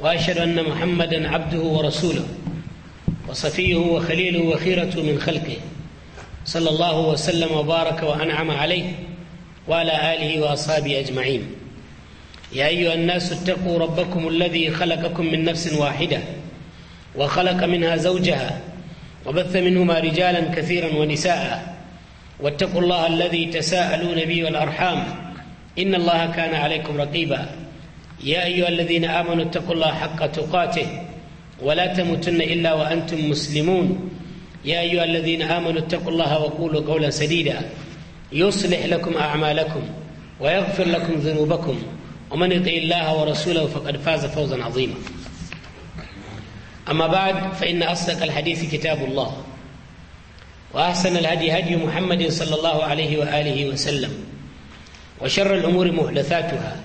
واشهد ان محمدا عبده ورسوله وصفيه وخليله وخيرته من خلقه صلى الله وسلم وبارك وانعم عليه وعلى اله واصحابه اجمعين يا ايها الناس اتقوا ربكم الذي خلقكم من نفس واحده وخلق منها زوجها وبث منهما رجالا كثيرا ونساء واتقوا الله الذي تساءلون به والارحام ان الله كان عليكم رقيبا يا أيها الذين آمنوا اتقوا الله حق تقاته ولا تموتن إلا وأنتم مسلمون يا أيها الذين آمنوا اتقوا الله وقولوا قولا سديدا يصلح لكم أعمالكم ويغفر لكم ذنوبكم ومن يطع الله ورسوله فقد فاز فوزا عظيما أما بعد فإن أصدق الحديث كتاب الله وأحسن الهدي هدي محمد صلى الله عليه وآله وسلم وشر الأمور محدثاتها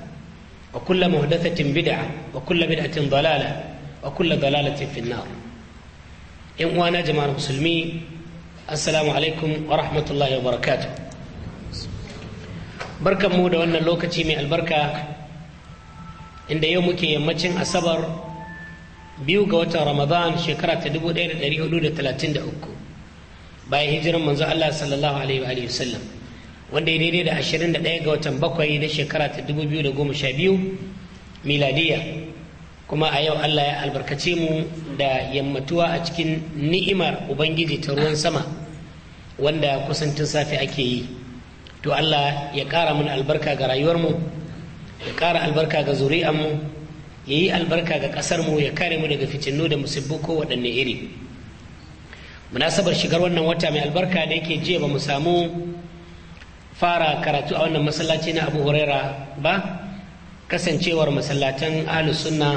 وكل محدثة بدعة وكل بدعة ضلالة وكل ضلالة في النار إن وانا جماعة المسلمين السلام عليكم ورحمة الله وبركاته بركة مودة وانا لوكتي من البركة عند يومك يمتشن أصبر biyu ga watan ramadan shekara ta 1433 bayan hijiran manzo Allah sallallahu alaihi wa sallam wanda ya daidai da 21 ga watan bakwai na shekara ta 2012 miladiya kuma a yau Allah ya albarkace mu da yammatuwa a cikin ni'imar ubangiji ta ruwan sama wanda kusantin safe ake yi to Allah ya kara mana albarka ga rayuwarmu ya ƙara albarka ga zuri'anmu ya yi albarka ga ƙasarmu ya kare mu daga fitinu da musibbu ko waɗanne iri munasabar shigar wannan wata mai albarka da yake jiya ba mu samu fara karatu a wannan masallaci na abu huraira ba kasancewar masallacin ahlus sunna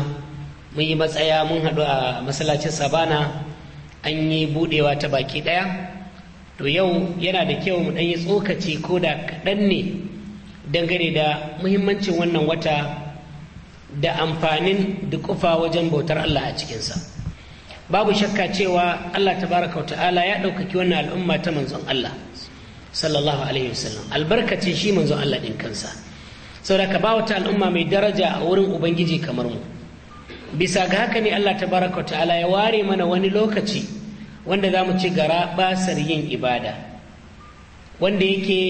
mun yi matsaya mun haɗu a masallacin sabana an yi budewa ta baki ɗaya to yau yana da kyau mu ɗan yi tsokaci ko da kaɗan ne dangane da muhimmancin wannan wata da amfanin dukufa wajen bautar Allah a cikinsa babu shakka cewa Allah tabaraka wa ta'ala ya ɗaukaki wannan al'umma ta manzon Allah sallallahu alaihi wasallam albarkacin shi manzon Allah din kansa saboda ka ba wata al'umma mai daraja a wurin ubangiji kamar mu bisa ga haka ne Allah tabaraka wa ta'ala ya ware mana wani lokaci wanda za mu ci gara basar yin ibada wanda yake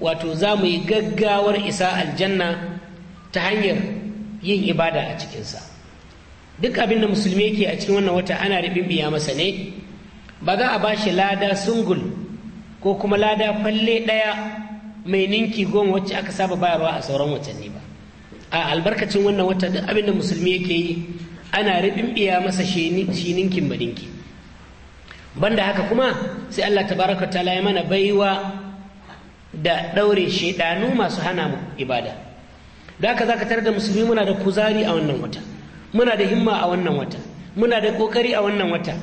wato za mu yi gaggawar isa aljanna ta hanyar yin ibada a cikinsa duk abin da musulmi yake a cikin wannan wata ana ribin biya masa ne ba za a ba shi lada sungul ko kuma lada falle ɗaya mai ninki goma wacce aka saba bayarwa a sauran watanni ba a albarkacin wannan wata duk abin da musulmi yake yi ana biya masa shi ninkin ba banda haka kuma sai Allah tabaraka ta'ala ya mana baiwa da ɗaure shaidanu masu hana mu ibada da haka zaka tarar da musulmi muna da kuzari a wannan wata muna da himma a wannan wata muna da kokari a wannan wata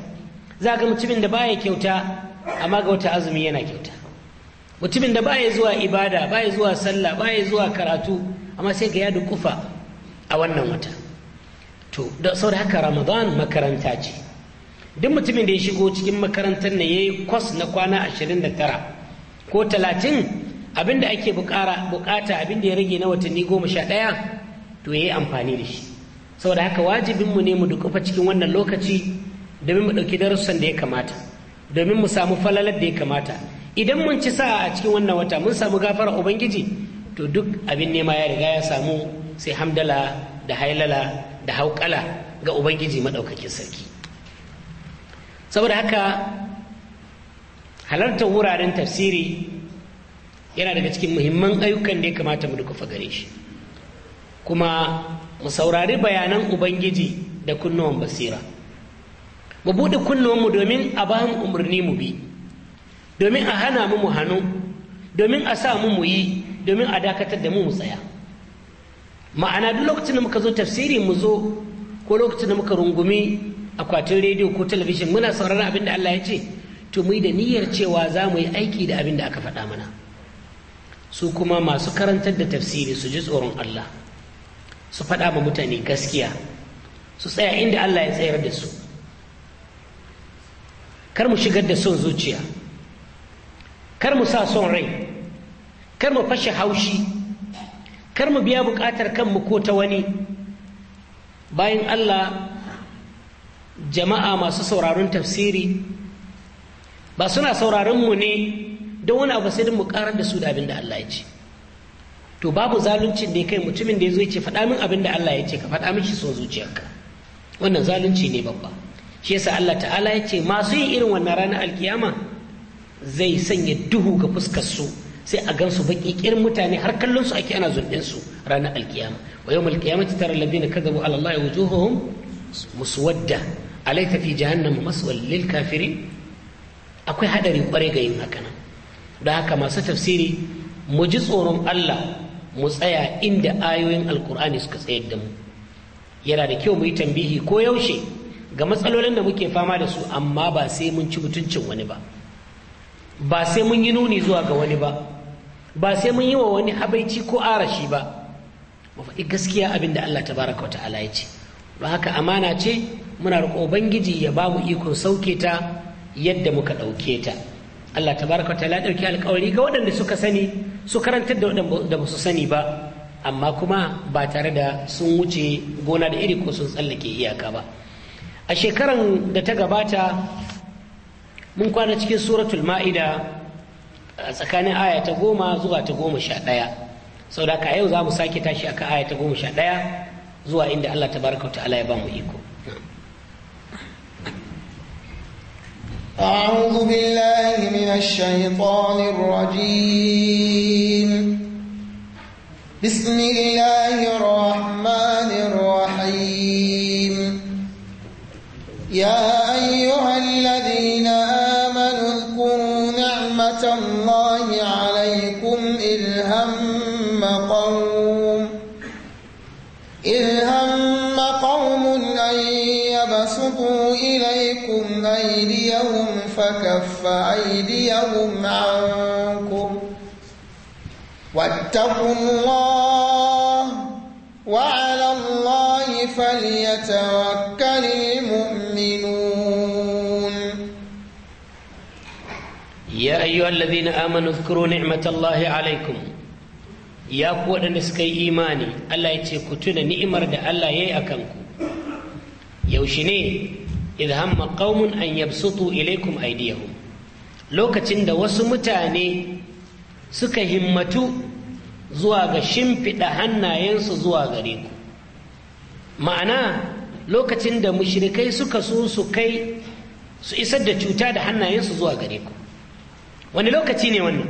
za ga mutumin da baya kyauta amma ga wata azumi yana kyauta mutumin da baya zuwa ibada baya zuwa sallah baya zuwa karatu amma sai ga ya kufa a wannan wata to da saboda haka ramadan makaranta ce duk mutumin da ya shigo cikin makarantar ne yayi yi kwas na kwana 29 ko 30 abinda ake bukata abinda ya rage na watanni 11 to yayi amfani da shi saboda haka wajibinmu ne mu dukufa cikin wannan lokaci domin mu ɗauki darussan da ya kamata domin mu samu falalar da ya kamata idan mun ci sa'a a cikin wannan wata mun samu gafara ubangiji to duk abin nema ya riga ya samu sai hamdala da hailala da haukala ga ubangiji maɗaukakin sarki saboda haka halartar wuraren tafsiri yana daga cikin muhimman ayyukan da ya kamata mu duka gare shi kuma mu saurari bayanan ubangiji da kunnuwan basira mu buɗe kunnuwanmu domin a ba mu umarni mu bi domin a hana mu mu hannu domin a sa mu mu yi domin a dakatar da mu mu tsaya ma'ana duk lokacin da muka zo tafsiri mu zo ko lokacin da muka rungumi akwatin rediyo ko talabijin muna sauraron abin da Allah ya ce to mu yi da niyyar cewa za mu yi aiki da abin da aka faɗa mana su kuma masu karantar da tafsiri su ji tsoron Allah su faɗa ma mutane gaskiya su tsaya inda Allah ya tsayar da su kar mu shigar da son zuciya kar mu sa son rai kar mu fashe haushi kar mu biya bukatar kanmu ko ta wani bayan allah jama'a masu sauraron tafsiri ba suna sauraron mu ne don wani abu sai mu karar da su da abin da Allah ya ce to babu zaluncin da ya kai mutumin da ya zo ya ce faɗa min abin da Allah ya ce ka faɗa min shi son zuciyarka wannan zalunci ne babba shi yasa Allah ta'ala ya ce masu yin irin wannan ranar alkiyama zai sanya duhu ga fuskar su sai a gansu baki kirin mutane har kallon su ake ana zunɗin su ranar alkiyama wa yawmal qiyamati tara alladhina kadhabu ala allahi wujuhuhum muswadda alaysa fi mu maswal lil kafirin akwai hadari kwarai ga yin haka nan Da haka masu tafsiri mu ji tsoron Allah mu tsaya inda ayoyin alkur'ani suka tsayar da mu yana da kyau mu yi tambihi ko yaushe ga matsalolin da muke fama da su amma ba sai mun ci mutuncin wani ba ba sai mun yi nuni zuwa ga wani ba ba sai mun yi wa wani habaici ko arashi ba mu gaskiya abin da Allah tabaraka wa ta'ala ya ce don haka amana ce muna roƙo ubangiji ya ba mu ikon sauke ta yadda muka ɗauke ta Allah tabaraka wa ta'ala ɗauki alƙawari ga waɗanda suka sani su karantar da waɗanda ba su sani ba amma kuma ba tare da sun wuce gona da iri ko sun tsallake iyaka ba a shekaran da ta gabata mun kwana cikin suratul ma'ida a tsakanin aya ta goma zuwa ta goma sha ɗaya sau da yau za mu sake tashi akan aya ta goma sha ɗaya zuwa inda allah ta baraka ala ya ba mu iko أعوذ بالله من الشيطان الرجيم بسم الله الرحمن الرحيم يا أيها الذين آمنوا اذكروا نعمة الله عليكم إذ هم قوم إذ هم قوم أن يبسطوا إليكم أيديهم فكف أيديهم عنكم واتقوا الله وعلى الله فليتوكل أيها الذين آمنوا اذكروا نعمة الله عليكم يا قوة نسكي إيماني الله يتكتون نعمر دا الله يأكنكم يوشني إذ هم قوم أن يبسطوا إليكم أيديهم لو كتند وسمتاني سك همتو زواغ شمفد هنا ينس زواغ ريكو معنا لو كتند مشركي سك سوسكي su isar da cuta da hannayensu zuwa gare ku wani lokaci ne wannan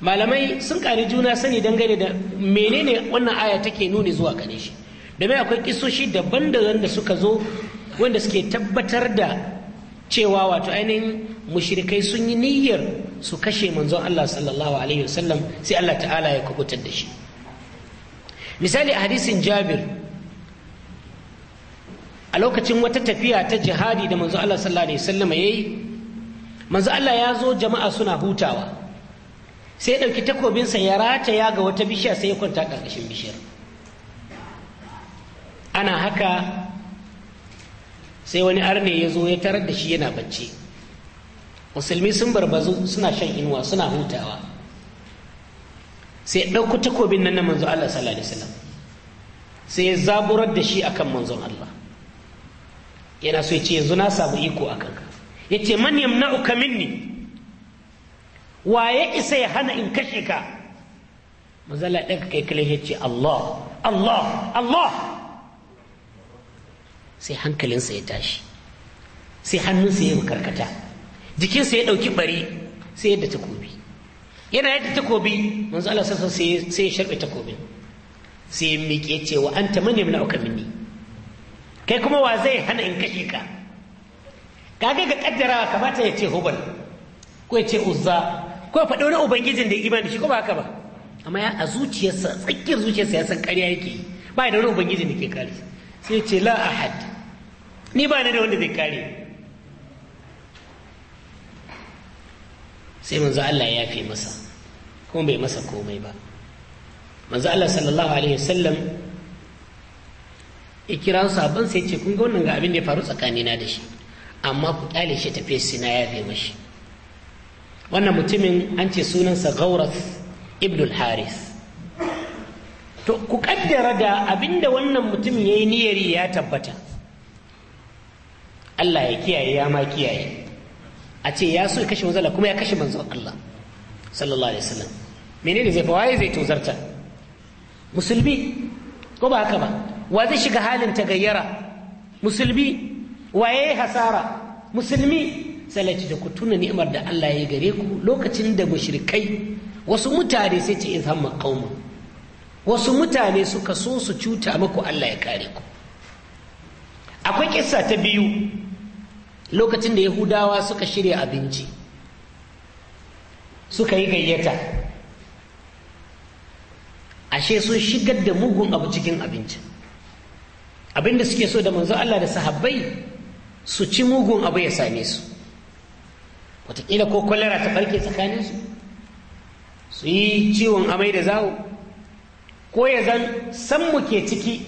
malamai sun ƙari juna sani dangane da menene wannan aya take nuni zuwa gane shi domin akwai kisoshi daban da suka zo wanda suke tabbatar da cewa wato ainihin mushrikai sun yi niyyar su kashe manzon Allah sallallahu alaihi wasallam sai Allah ta'ala ya kubutar da shi misali a hadisin jabir a lokacin wata tafiya ta jihadi da manzon Allah sallallahu alaihi wasallam ya yi. manzo Allah ya zo jama'a suna hutawa sai ya ɗauki takobinsa ya rataya ga wata bishiya sai ya kwanta ƙarƙashin bishiyar ana haka sai wani arne ya zo ya tarar da shi yana bacci musulmi sun barbazu suna shan inuwa suna hutawa sai ya ɗauko takobin nan na manzo Allah sallallahu alaihi wasallam sai ya zaburar da shi akan manzon Allah yana so ya ce yanzu na samu iko akan yace man yamna'uka minni waye isa ya hana in kashe ka manzala ɗaga kai kalai ce Allah Allah Allah sai hankalinsa ya tashi sai hannunsa ya karkata jikinsa ya ɗauki bari sai yadda takobi yana yadda takobi manzo sassa sai ya sharbe takobin sai ya miƙe ce wa anta man yamna'uka minni kai kuma wa zai hana in kashe ka kage ga kaddara kamata ya ce hubal ko ya ce uzza ko ya faɗi wani ubangijin da ya imani shi ko ba haka ba amma ya a zuciyarsa tsakiyar zuciyarsa ya san ƙarya yake yi ba da wani ubangijin da ke kare sai ce la ahad ni ba ni da wanda zai kare sai manzo Allah ya fi masa kuma bai masa komai ba manzo Allah sallallahu alaihi wasallam ya kira sahabban sai ce kun ga wannan ga abin da ya faru tsakanina da shi amma ku kyale shi tafiye shi na yafe mashi wannan mutumin an ce sunansa Gauras, ibn haris to ku kaddara da abinda wannan mutumin ya yi niyyari ya tabbata Allah ya kiyaye ya ma kiyaye a ce ya so ya kashe manzala kuma ya kashe manzon Allah sallallahu alaihi wasallam menene zai fawaye zai tozarta musulmi ko ba haka ba wa zai shiga halin tagayyara musulmi waye hasara musulmi sai da ku tuna ni'imar da Allah ya gare ku lokacin da mushrikai wasu mutane sai ce izhamma qauma wasu mutane suka so su cuta muku Allah ya kare ku akwai kissa ta biyu lokacin da yahudawa suka shirya abinci suka yi gayyata ashe sun shigar da mugun abu cikin abincin abinda suke so da manzo Allah da sahabbai su ci mugun abu ya same su wataƙila ko kwallara ta ɓarke tsakaninsu su yi ciwon amai da zawo ko ya zan sammu ke ciki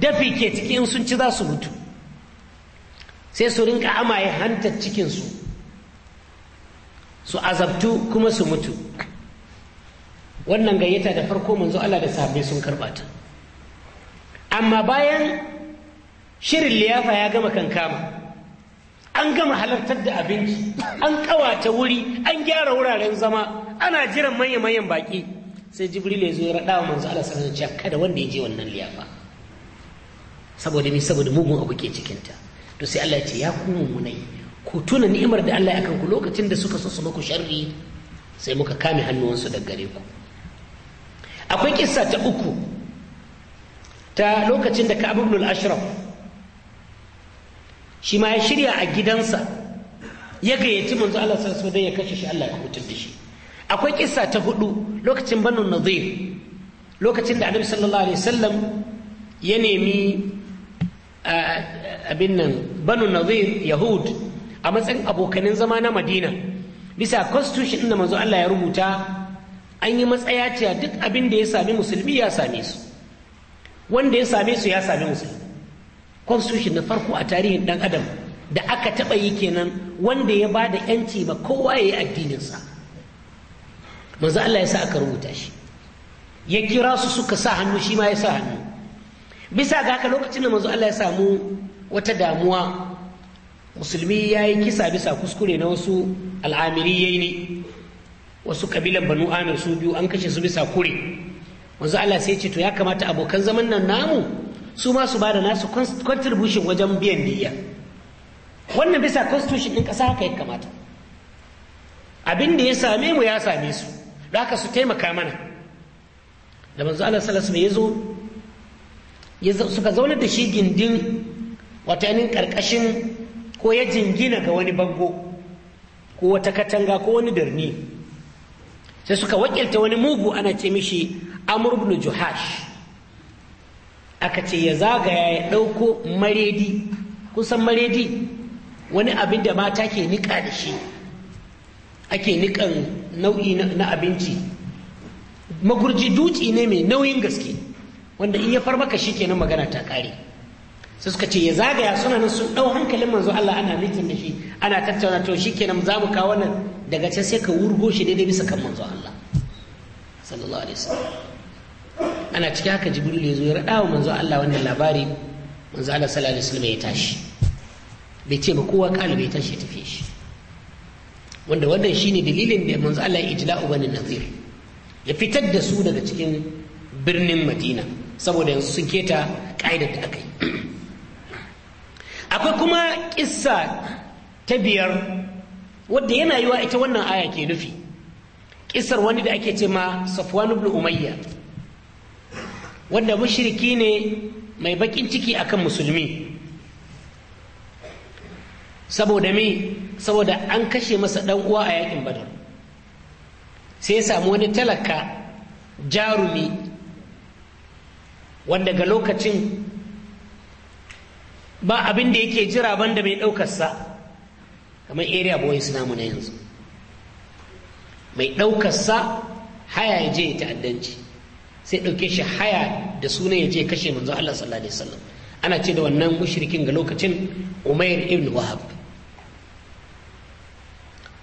dafi ke ciki in sun ci za su mutu sai su rinka amaye hantar cikinsu su azabtu kuma su mutu wannan gayyata da farko manzo Allah da sahabbai sun karɓata amma bayan shirin liyafa ya gama kankama an gama halartar da abinci an kawata wuri an gyara wuraren zama ana jiran manya-manyan baƙi. sai jibril ya zo ya raɗa wa manzo Allah sallallahu alaihi kada wanda ya je wannan liyafa saboda ni saboda mugun abu ke cikinta to sai Allah ya ce ya ku mummunai ku tuna ni'imar da Allah ya kan ku lokacin da suka so su muku sharri sai muka kame hannuwansu daga gare ku akwai kissa ta uku ta lokacin da Ka'ab ibn al-Ashraf shi ma ya shirya a gidansa ya gayyaci manzo Allah sallallahu alaihi ya kashe shi Allah ya kubutar da shi akwai kissa ta hudu lokacin banu nadir lokacin da annabi sallallahu alaihi wasallam ya nemi abin nan banu nadir yahud a matsayin abokanin zama na madina bisa constitution da manzo Allah ya rubuta an yi matsaya cewa duk abin da ya sami musulmi ya same su wanda ya same su ya sami musulmi constitution na farko a tarihin dan adam da aka taɓa yi kenan wanda ya ba da yanci ba kowa ya yi addininsa manzo Allah ya sa aka rubuta shi ya kira su suka sa hannu shi ma ya sa hannu bisa ga haka lokacin da manzo Allah ya samu wata damuwa musulmi ya yi kisa bisa kuskure na wasu al'amiriyai ne wasu kabilan banu amir su biyu an kashe su bisa kure manzo Allah sai ce to ya kamata abokan zaman nan namu su ma su bada nasu contribution wajen biyan diya wannan bisa constitution ɗin ƙasa haka ya kamata abin da ya same mu ya same su da haka su taimaka mana da manzo Allah sallallahu alaihi wasallam suka zauna da shi gindin wata yanin karkashin ko ya jingina ga wani bango ko wata katanga ko wani birni sai suka wakilta wani mugu ana ce mishi amr ibn juhash aka ce ya zagaya ya ɗauko maredi kusan maredi wani abin da mata ke niƙa da shi ake niƙan nau'i na abinci magurji dutse ne mai nauyin gaske wanda in ya far maka shi kenan magana ta ƙare sai suka ce ya zagaya suna nan sun ɗau hankalin manzo Allah ana mitin da shi ana tattauna to shi kenan za mu kawo nan daga can sai ka wurgo shi daidai bisa kan manzo Allah sallallahu alaihi wasallam ana cikin haka jibril ya zo ya raɗa wa manzo Allah wannan labari manzo Allah sallallahu alaihi wasallam ya tashi bai ce ba kowa kalu bai tashi ya tafi shi wanda wannan shine dalilin da manzo Allah ya ijla'u bani nazir ya fitar da su daga cikin birnin Madina saboda yanzu sun keta ka'idar da aka akwai kuma kissa ta biyar wadda yana yiwa ita wannan aya ke nufi kissar wani da ake ce ma Safwan ibn Umayya wanda mushriki ne mai bakin ciki akan musulmi saboda me saboda an kashe masa dan uwa a yakin badar sai ya samu wani talaka jarumi wanda ga lokacin ba abin da yake jira banda mai ɗaukarsa kamar area boys namu na yanzu mai ɗaukarsa haya ya je ta'addanci sai ɗauke shi haya da sunan ya je kashe manzo Allah sallallahu alaihi wasallam ana ce da wannan mushrikin ga lokacin Umair ibn Wahab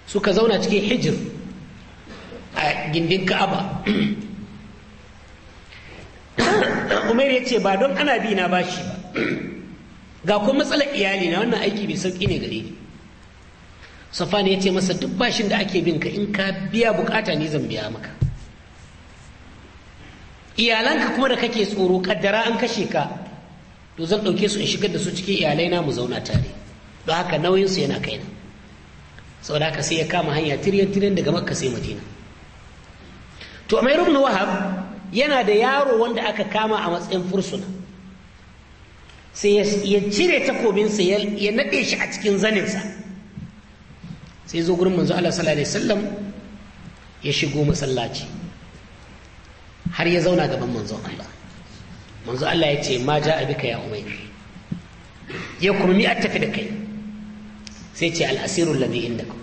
suka zauna cikin hijir a gindin Ka'aba Umair ya ce ba don ana bi na bashi ba ga kuma matsalar iyali na wannan aiki bai sauki ne gare ni Safani ya ce masa duk bashin da ake bin ka in ka biya bukata ni zan biya maka iyalanka kuma da kake tsoro kaddara an kashe ka to zan ɗauke su in shigar da su cikin iyalai na mu zauna tare don haka nauyinsu yana kaina saboda haka sai ya kama hanya tiryan tiryan daga makka sai madina to mai rubna wahab yana da yaro wanda aka kama a matsayin fursuna sai ya cire takobinsa ya naɗe shi a cikin zaninsa sai zo gurin manzo Allah sallallahu alaihi wasallam ya shigo masallaci har ya zauna gaban manzon Allah manzon Allah ya ce ma ja'a bika ya umayr ya kuma mi a tafi da kai sai ce al'asirul ladhi ku,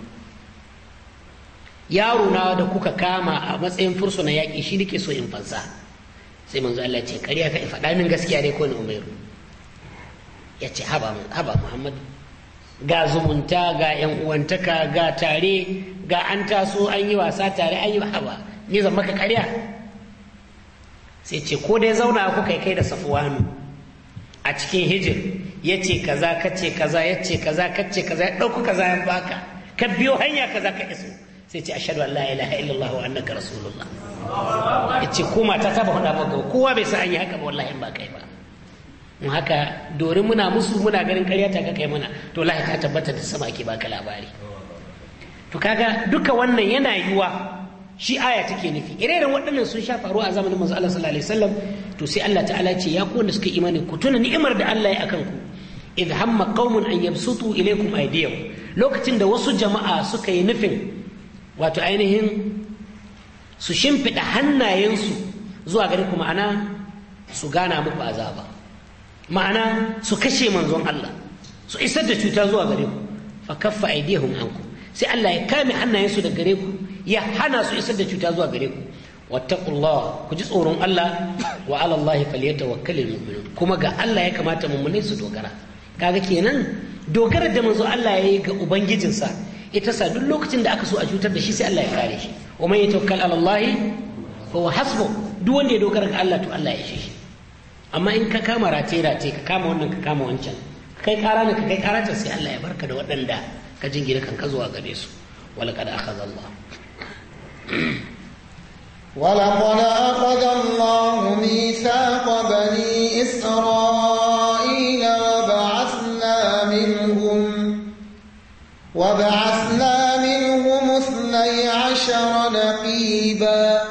yaro na da kuka kama a matsayin fursuna yaƙi shi nake so in fansa sai manzon Allah ya ce kariya ka faɗa min gaskiya ne ko ni umairu ya ce haba haba muhammad ga zumunta ga yan uwantaka ga tare ga an taso an yi wasa tare an yi haba ni zan maka kariya sai ce ko dai zauna ku kai kai da safuwanu a cikin hijir ya ce kaza ka ce kaza ya ce kaza ka ce kaza ya ɗauku kaza ya baka ka biyo hanya kaza ka iso sai ce Allah an la ilaha illallah wa annaka rasulullah ya ce ko mata ta ba faɗa ba kowa bai san an yi haka ba wallahi ba kai ba mu haka dorin muna musu muna ganin ƙarya ta kai mana to lahi ta tabbata da sama ke baka labari to kaga duka wannan yana yiwa shi aya take nufi ire waɗannan sun sha faruwa a zamanin manzo Allah sallallahu alaihi wasallam to sai Allah ta'ala ce ya ku wanda suka imani ku tuna ni'imar da Allah ya akan ku idh hamma qaumun an yabsutu ilaykum aydiyahum lokacin da wasu jama'a suka yi nufin wato ainihin su shimfiɗa hannayensu zuwa gare ku ma'ana su gana muku azaba ma'ana su kashe manzon Allah su isar da cuta zuwa gare ku fa kaffa aydiyahum anku sai Allah ya kame hannayensu daga gare ku ya hana su isar da cuta zuwa gare ku wattaqullah ku ji tsoron Allah wa ala Allah falyatawakkalul mu'minun kuma ga Allah ya kamata mu'minai su dogara kaga kenan dogara da manzo Allah yi ga ubangijinsa ita sa duk lokacin da aka so a cutar da shi sai Allah ya kare shi wa man yatawakkal ala Allah fa huwa hasbu duk wanda ya dogara ga Allah to Allah ya shi amma in ka kama rate rate ka kama wannan ka kama wancan kai kara ne ka kai kara sai Allah ya barka da waɗanda ka jingina kan ka zuwa gare su walaqad akhadha Allah ولقد أخذ الله ميثاق بني إسرائيل وبعثنا منهم وبعثنا منهم اثني عشر نقيبا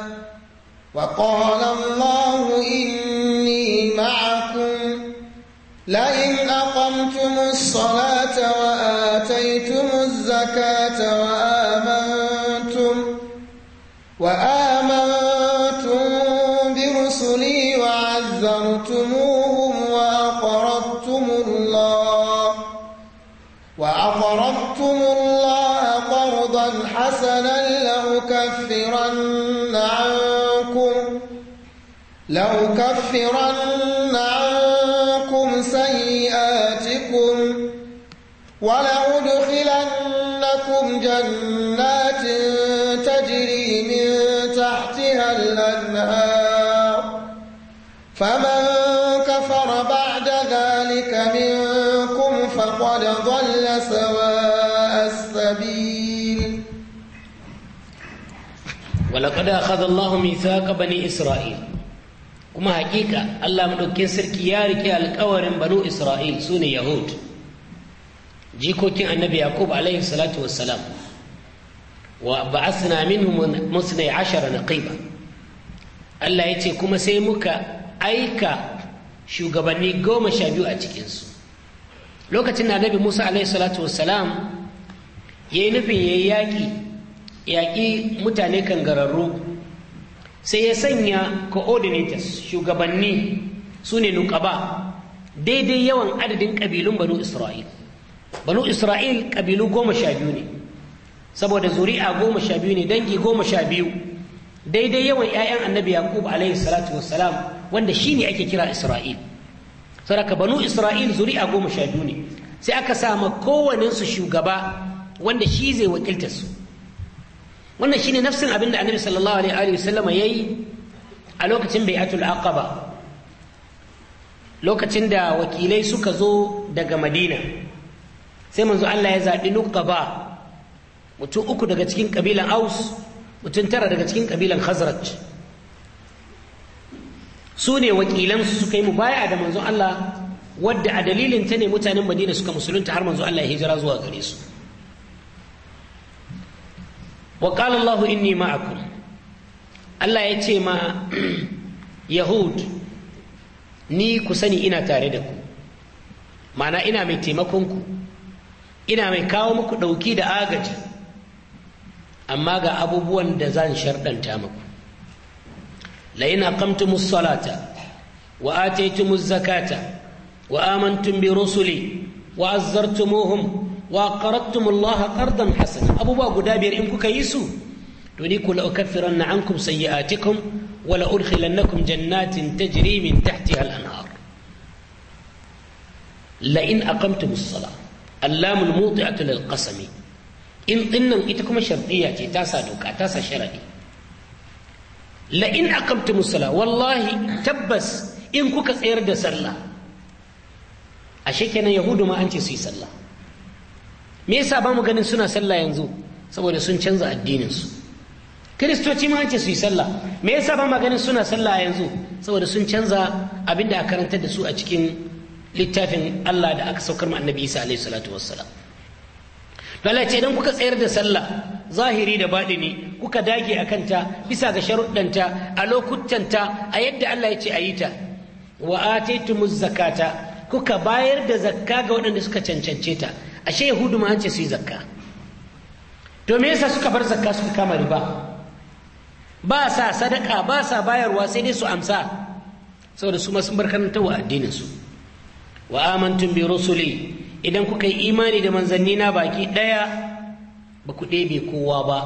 وقال الله إني معكم لئن أقمتم الصلاة وآتيتم الزكاة وآتيتم لأكفرن عنكم سيئاتكم ولأدخلنكم جنات تجري من تحتها الأنهار فمن كفر بعد ذلك منكم فقد ضل سواء السبيل ولقد أخذ الله ميثاق بني إسرائيل kuma hakika Allah madaukakin sarki ya rike alkawarin banu Isra'il su ne Yahud jikokin annabi Yaqub alaihi salatu wassalam wa ba'athna minhum musnai ashara naqiba Allah yace kuma sai muka aika shugabanni goma sha biyu a cikinsu lokacin da annabi Musa alaihi salatu wassalam ya yi nufin ya yi yaƙi yaƙi mutane kangararru sai ya sanya coordinators shugabanni su ne nukaba daidai yawan adadin ƙabilun banu isra'il banu isra'il ƙabilu goma sha biyu ne saboda zuri'a goma sha biyu ne dangi goma sha biyu daidai yawan 'ya'yan annabi yaqub alayhi salatu wassalam wanda shi ne ake kira isra'il saraka banu isra'il zuri'a goma sha biyu ne sai aka sama kowanensu shugaba wanda shi zai wakilta su wannan shine nafsin abin da annabi sallallahu alaihi ya yayi a lokacin bai'atul aqaba lokacin da wakilai suka zo daga madina sai manzo Allah ya zaɓi nuqaba mutum uku daga cikin kabilan aus mutum tara daga cikin kabilan khazraj su ne wakilansu suka yi mubaya da manzo Allah wadda a dalilin ta ne mutanen madina suka musulunta har manzo Allah ya hijira zuwa gare su wa qala Allahu inni ma'akum Allah ya ce ma Yahud ni ku sani ina tare da ku ma'ana ina mai taimakon ku ina mai kawo muku ɗauki da agaji amma ga abubuwan da zan sharɗanta muku لئن zakata wa amantum bi rusuli, wa azartumuhum wa qaradtumullaha qardan hasana abubuwa guda biyar in kuka yi su to ni kula ukaffiranna ankum sayyi'atikum wa la udkhilannakum jannatin tajri min tahtiha al-anhar la in aqamtumus salah allamul mudi'atu lil qasami in dinnan ita kuma shartiya ce ta sa doka ta sa sharadi la in aqamtumus Sala wallahi tabbas in kuka tsayar da sallah ashe kenan yahudu ma an ce su yi sallah me yasa ba mu ganin suna sallah yanzu saboda sun canza addininsu kiristoci ma ce su yi sallah me yasa ba mu ganin suna sallah yanzu saboda sun canza abin da aka karantar da su a cikin littafin Allah da aka saukar ma annabi Isa alaihi salatu wassalam Allah ce idan kuka tsayar da sallah zahiri da baɗini kuka dage a kanta bisa ga sharuɗanta a lokutanta a yadda Allah ya ce a yi ta wa ataitumuz zakata kuka bayar da zakka ga waɗanda suka cancance ta ashe yahudu ma an ce su yi zakka to me yasa suka bar zakka suka kama riba ba sa sadaka ba sa bayarwa sai dai su amsa saboda su sun bar karantarwa addinin su wa amantum bi rusuli idan kuka yi imani da manzanni na baki daya ba ku ɗebe kowa ba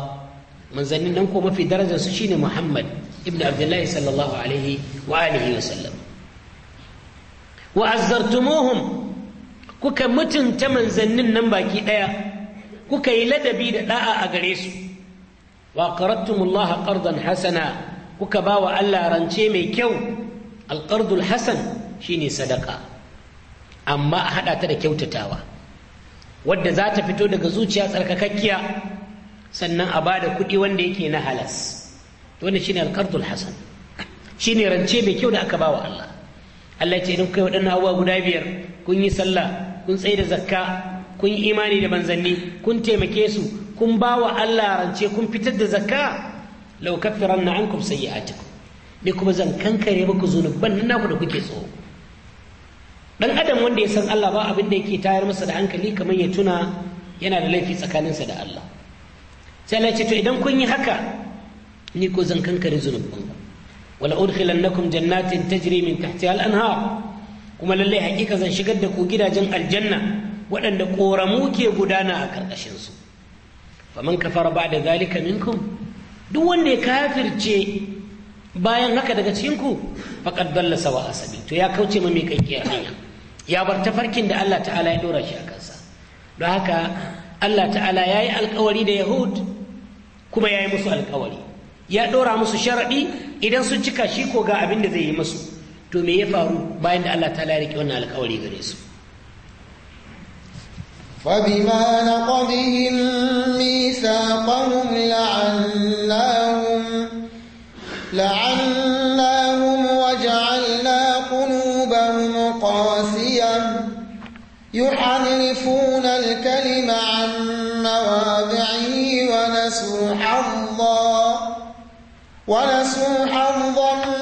manzannin nan ko mafi darajar su shine muhammad ibn abdullahi sallallahu alaihi wa alihi wa sallam wa azzartumuhum kuka mutunta manzannin nan baki ɗaya kuka yi ladabi da ɗa'a a gare su wa qaradtumullaha qardan hasana kuka ba wa Allah rance mai kyau alqardul hasan shine sadaka amma a haɗa ta da kyautatawa wadda za ta fito daga zuciya tsarkakakkiya sannan a bada kuɗi wanda yake na halas wannan shine alqardul hasan shine rance mai kyau da aka ba wa Allah Allah ce idan kai waɗannan abubuwa guda biyar kun yi sallah kun tsaye da zakka kun yi imani da manzanni kun taimake su kun ba wa Allah rance kun fitar da zakka lau kafiran na ankum atiku. ni kuma zan kankare muku zunuban nan naku da kuke tsoro dan adam wanda ya san Allah ba abin da yake tayar masa da hankali kamar ya tuna yana da laifi tsakaninsa da Allah sai Allah ya ce to idan kun yi haka ni ko zan kankare zunubanku wala udkhilannakum jannatin tajri min tahtiha al-anhar kuma lallai hakika zan shigar da ku gidajen aljanna waɗanda ƙoramu ke gudana a ƙarƙashinsu faman kafara ba da zalika minkum duk wanda ya kafirce bayan haka daga cikinku faƙad dalla sawa asabi to ya kauce ma mai kankiyar hanya ya bar tafarkin da Allah ta'ala ya ɗora shi a kansa don haka Allah ta'ala ya yi alkawari da yahud kuma ya yi musu alkawari ya ɗora musu sharaɗi idan sun cika shi ko ga abin da zai yi musu to me ya faru bayan da Allah ta larike wannan alkawari gare su فبما نقضهم ميثاقهم لعناهم لعناهم وجعلنا قلوبهم قاسية يحرفون الكلم عن مواضعه ونسوا حظا ونسوا حظا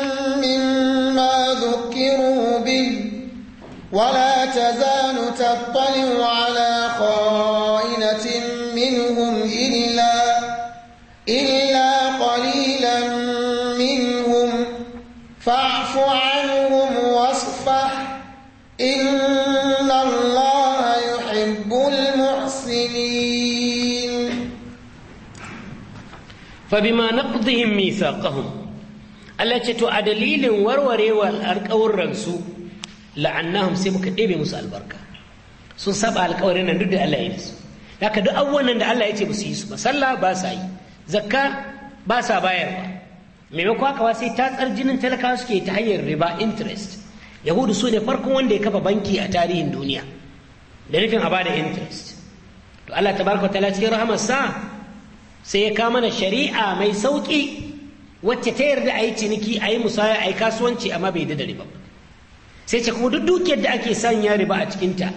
ولا تزال تطلع على خائنة منهم إلا إلا قليلا منهم فاعف عنهم واصفح إن الله يحب المحسنين فبما نقضهم ميثاقهم التي ce to a والأرك أو alƙawurransu la'annahum sai muka ɗebe musu albarka sun saba alƙawarin nan duk da Allah ya yi su haka duk abubuwan da Allah ya ce su yi su ba sallah ba sa yi zakka ba sa bayarwa maimakon haka sai tatsar jinin talakawa suke ta hanyar riba interest yahudu su ne farkon wanda ya kafa banki a tarihin duniya da nufin a bada interest to Allah tabaraka ta'ala cikin sa sai ya kama mana shari'a mai sauki wacce ta yarda a yi ciniki a yi musaya a yi kasuwanci amma bai da riba ba sai ce kuma duk dukiyar da ake sanya riba a cikinta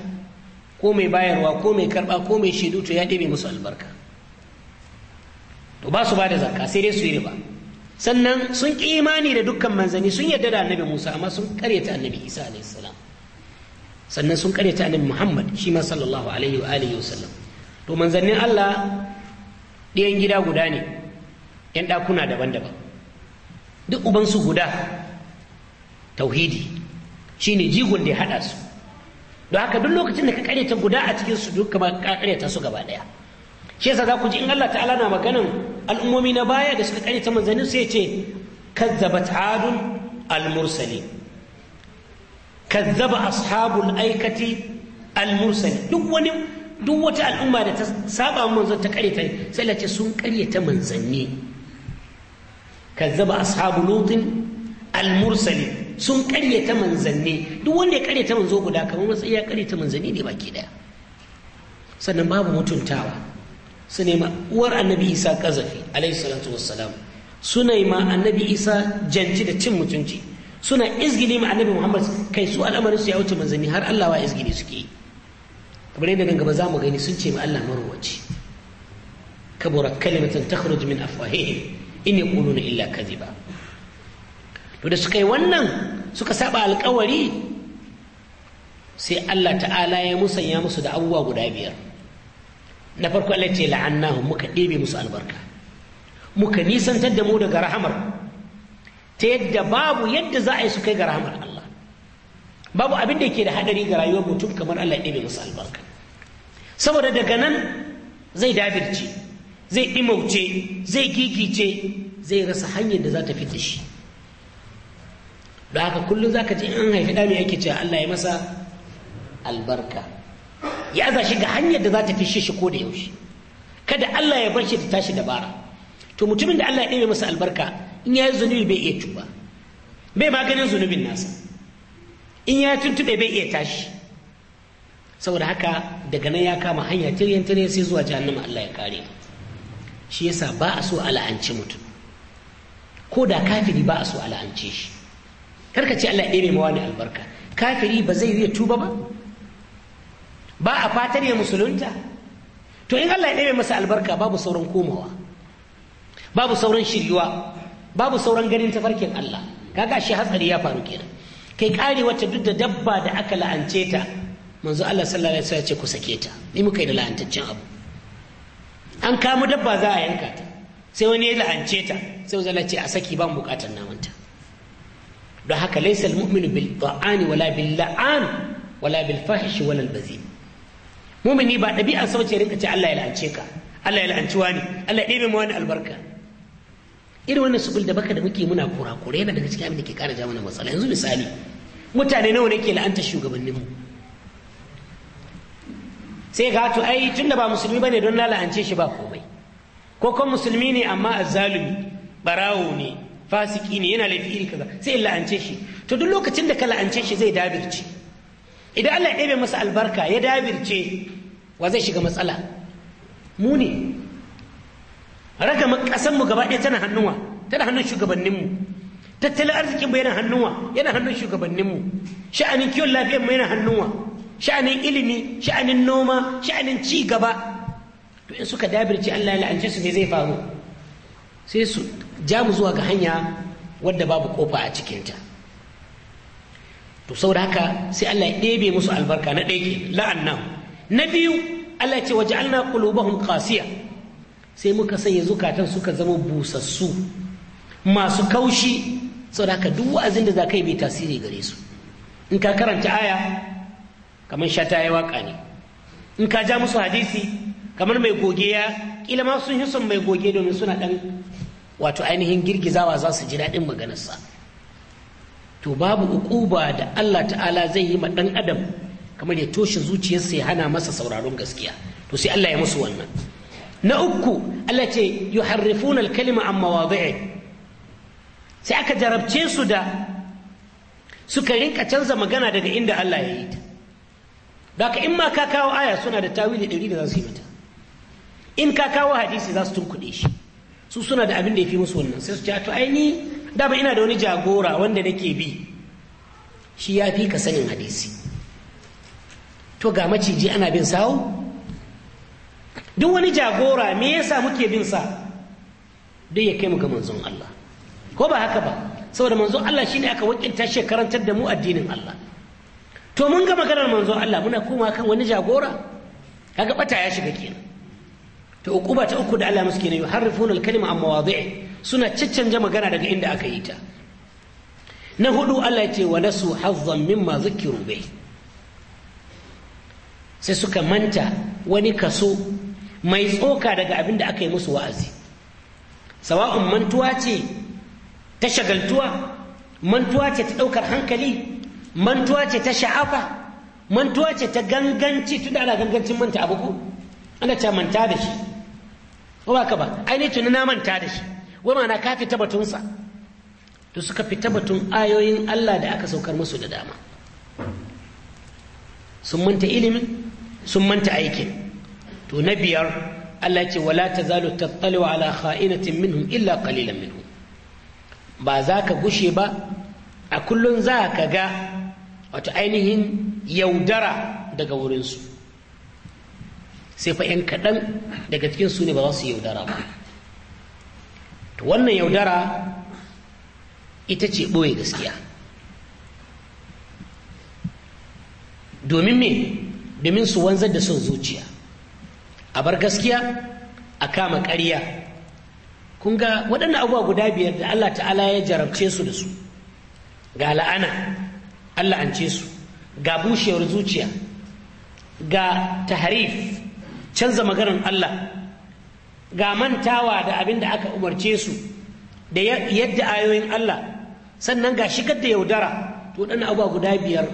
ko mai bayarwa ko mai karba ko mai shaidu to ya ɗebe musu albarka to ba su ba da zakka sai dai su yi riba sannan sun ƙi imani da dukkan manzanni sun yarda da annabi musa amma sun karyata annabi isa alaihissalam sannan sun karyata annabi muhammad shi ma sallallahu alaihi wa alihi wasallam to manzannin allah ɗiyan gida guda ne ‘yan ɗakuna daban-daban duk ubansu guda tauhidi ne jigon da ya haɗa su don haka duk lokacin da ka karyata guda a cikin su duk kamar ka karyata su gaba ɗaya shi yasa za ku ji in Allah ta'ala na maganan al'ummomi na baya da suka karyata manzannin sai ce kazzabat adun al-mursali kazzaba ashabul aikati al-mursali duk wani duk wata al'umma da ta saba manzon ta karyata sai la ce sun karyata manzanni kazzaba ashabu lutin al-mursali sun karyata manzanni duk wanda ya karyata manzo guda kamar matsayi ya karyata manzanni ne baki daya sannan babu mutuntawa su ne uwar annabi isa kazafi alaihi salatu wassalam su ne ma annabi isa janci da cin mutunci suna izgili ma annabi muhammad kai su al'amarin su ya wuce manzanni har allah wa izgili suke yi kamar yadda gaba za mu gani sun ce ma allah marwaci kabura kalimatan takhruj min afwahihim in yaquluna illa kadhiba to da suka yi wannan suka saba alkawari sai Allah ta'ala ya musanya musu da abubuwa guda biyar na farko Allah ce la'annahu muka ɗebe musu albarka muka nisantar da mu daga rahamar ta yadda babu yadda za a yi su kai ga rahamar Allah babu abin da ke da hadari ga rayuwar mutum kamar Allah ya ɗebe musu albarka saboda daga nan zai dabirce zai ɗimauce zai gigice zai rasa hanyar da za ta fi da shi da haka kullum za ka ji an haifi ɗami yake cewa Allah ya masa albarka ya aza shi ga hanyar da za ta fi shi ko da yaushe kada Allah ya bar shi ta tashi dabara to mutumin da Allah ya ɗebe masa albarka in ya yi zunubi bai iya tuba bai maganin zunubin nasa in ya tuntuɓe bai iya tashi saboda haka daga nan ya kama hanya tiryan tiryan sai zuwa jahannama Allah ya kare shi yasa ba a so a la'ance mutum ko da kafiri ba a so a la'ance shi karka ce Allah ɗebe ma wani albarka kafiri ba zai iya tuba ba ba a fatar ya musulunta to in Allah ya ɗebe masa albarka babu sauran komawa babu sauran shiryuwa babu sauran ganin tafarkin Allah kaga shi hatsari ya faru kenan kai kare wacce duk da dabba da aka la'ance ta manzo Allah sallallahu alaihi wasallam ya ce ku sake ta ni muka yi da la'antaccen abu an kamu dabba za a yanka ta sai wani ya la'ance ta sai ya ce a saki ban bukatar namanta don haka laisal mu'minu bil ta'ani wala bil la'an wala bil fahish wala al bazi mu'mini ba dabi'a sauce rinka ce Allah ya la'ance ka Allah ya la'anci wani Allah ya ɗebe ma wani albarka irin wannan subul da baka da muke muna kura-kura yana daga cikin abin da ke kara jawo mana matsala yanzu misali mutane nawa ne ke la'anta shugabanninmu sai ga to ai tunda ba musulmi bane don na la'ance shi ba komai ko kuma musulmi ne amma azzalumi barawo ne fasiki ne yana laifi iri kaza sai in la'ance shi to duk lokacin da ka la'ance shi zai dabirce idan Allah ya ɗebe masa albarka ya dabirce wa zai shiga matsala mu ne raga ƙasar mu gaba ɗaya tana hannuwa tana hannun shugabanninmu tattalin arzikin mu yana hannuwa yana hannun shugabanninmu sha'anin kiwon lafiyar mu yana hannuwa sha'anin ilimi sha'anin noma sha'anin ci gaba to in suka dabirce Allah ya la'ance su me zai faru sai su ja mu zuwa ga hanya wadda babu kofa a cikinta to saboda haka sai Allah ya ɗebe musu albarka na ɗaya la'an nan na biyu Allah ya ce waja'alna qulubahum qasiya sai muka sanya zukatan suka zama busassu masu kaushi saboda haka duk wa'azin da za ka yi bai tasiri gare su in ka karanta aya kamar sha ta yi waka ne in ka ja musu hadisi kamar mai goge ya kila ma sun yi mai goge domin suna dan wato ainihin girgizawa za su ji daɗin maganarsa to babu ukuba da Allah ta'ala zai yi ma ɗan adam kamar ya toshe zuciyarsa ya hana masa sauraron gaskiya to sai Allah ya musu wannan na uku Allah ce yuharrifuna al-kalima an mawadi'i sai aka jarabce su da suka rinka canza magana daga inda Allah ya yi ta daga in ma ka kawo aya suna da tawili ɗari da za su yi mata in ka kawo hadisi za su tunkuɗe shi su suna da abin da ya fi musu wannan sai su ce to ai da dama ina da wani jagora wanda nake bi shi ya fi ka sanin hadisi to ga maciji ana bin sawo duk wani jagora me yasa muke bin sa duk ya kai mu ga manzon Allah ko ba haka ba saboda manzon Allah shine aka wakilta shi karantar da mu addinin Allah to mun ga maganar manzon Allah muna koma kan wani jagora kaga bata ya shiga kenan to uquba ta uku da Allah musu kenan yuharrifuna al-kalima an mawadi'i suna caccanja magana daga inda aka yi ta na hudu Allah ya ce wa nasu hazzan mimma zikiru bai sai suka manta wani kaso mai tsoka daga abin da aka yi musu wa'azi sawa'un mantuwa ce ta shagaltuwa mantuwa ce ta ɗaukar hankali mantuwa ce ta sha'afa mantuwa ce ta ganganci tunda ana gangancin manta abu ku ana ta manta da shi ba ba ka ba ainihin tuni na manta da shi wai ka fita batunsa to suka fita batun ayoyin Allah da aka saukar musu da dama sun manta ilimin sun manta aikin to na biyar Allah ce wala tazalu tattaliu ala kha'inatin minhum illa qalilan minhum ba za ka gushe ba a kullum za ka ga wato ainihin yaudara daga wurinsu sai fa ‘yan kaɗan daga cikin su ne ba za su yaudara ba to wannan yaudara ita ce ɓoye gaskiya domin me domin su wanzar da son zuciya a bar gaskiya a kama ƙarya kun ga waɗannan abubuwa guda biyar da allah ta'ala ya jarabce su da su ga la'ana allah an ce su ga bushewar zuciya ga taharif canza maganar Allah ga mantawa da abin da aka umarce su da yadda ayoyin Allah sannan ga shigar da yaudara to ɗan abuwa guda biyar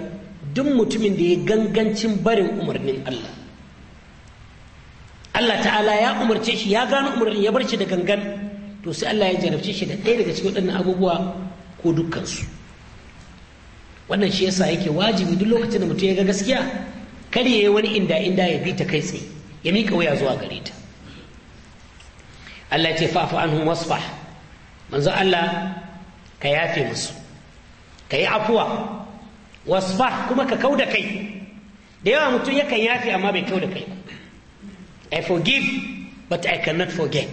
duk mutumin da ya gangancin barin umarnin Allah Allah ta'ala ya umarce shi ya gano umarnin ya bar shi da gangan to sai Allah ya jarabce shi da ɗaya daga cikin waɗannan abubuwa ko dukkansu wannan shi yasa yake wajibi duk lokacin da mutum ya ga gaskiya kar ya yi wani inda inda ya bi ta kai tsaye ya mika wuya zuwa gare ta Allah ce fafa anhum wasfah manzo Allah ka yafe musu ka yi afuwa wasfah kuma ka kau da kai da yawa mutum yakan yafe amma bai kau da kai I forgive but I cannot forget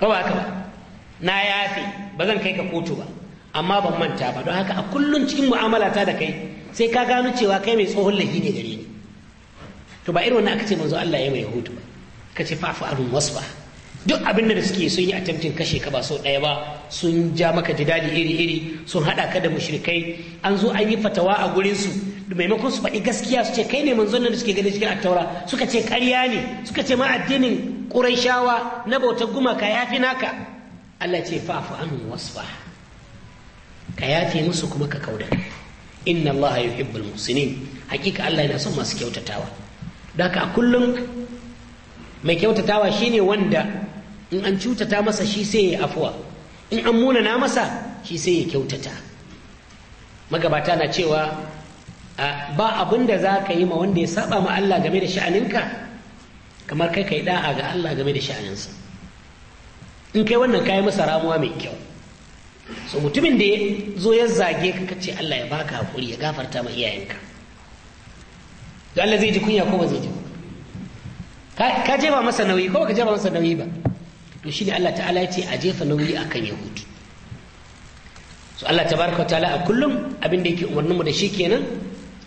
kawai haka ba na yafe ba zan kai ka kotu ba amma ban manta ba don haka a kullum cikin mu'amala ta da kai sai ka gano cewa kai mai tsohon lahi ne gare ni to ba irin wannan aka ce manzo Allah ya mai yahudu ba ka ce fa'fu anhum ba duk abin da suke sun yi attempting kashe ka ba sau ɗaya ba sun ja maka jidali iri-iri sun haɗa ka da mushrikai an zo an yi fatawa a gurinsu maimakon su faɗi gaskiya su ce kai ne manzon da suke gani cikin attaura suka ce ƙarya ne suka ce ma addinin ƙuraishawa na bautar gumaka ya fi naka Allah ce fa'afu anhum wasfa ka yafe musu kuma ka kauda inna Allah yuhibbul muhsinin hakika Allah yana son masu kyautatawa daga kullum mai kyautatawa shine wanda in an cutata masa shi sai ya afuwa in an muna na masa shi sai ya kyautata magabata na cewa ba abin da za ka yi ma wanda ya saba ma Allah game da sha'aninka kamar kai kai da'a ga Allah game da sha'aninsa in kai wannan kayi masa ramuwa mai kyau so mutumin da ya zo ya zage ka ce Allah ya baka hakuri ya gafarta ma iyayenka to Allah zai ji kunya ko ba zai ji ka jefa masa nauyi ko ka jefa masa nauyi ba to shine Allah ta'ala ya ce a jefa nauyi akan yahudu so Allah Ta tabaraka ta'ala a kullum abin da yake umarnin mu da shi kenan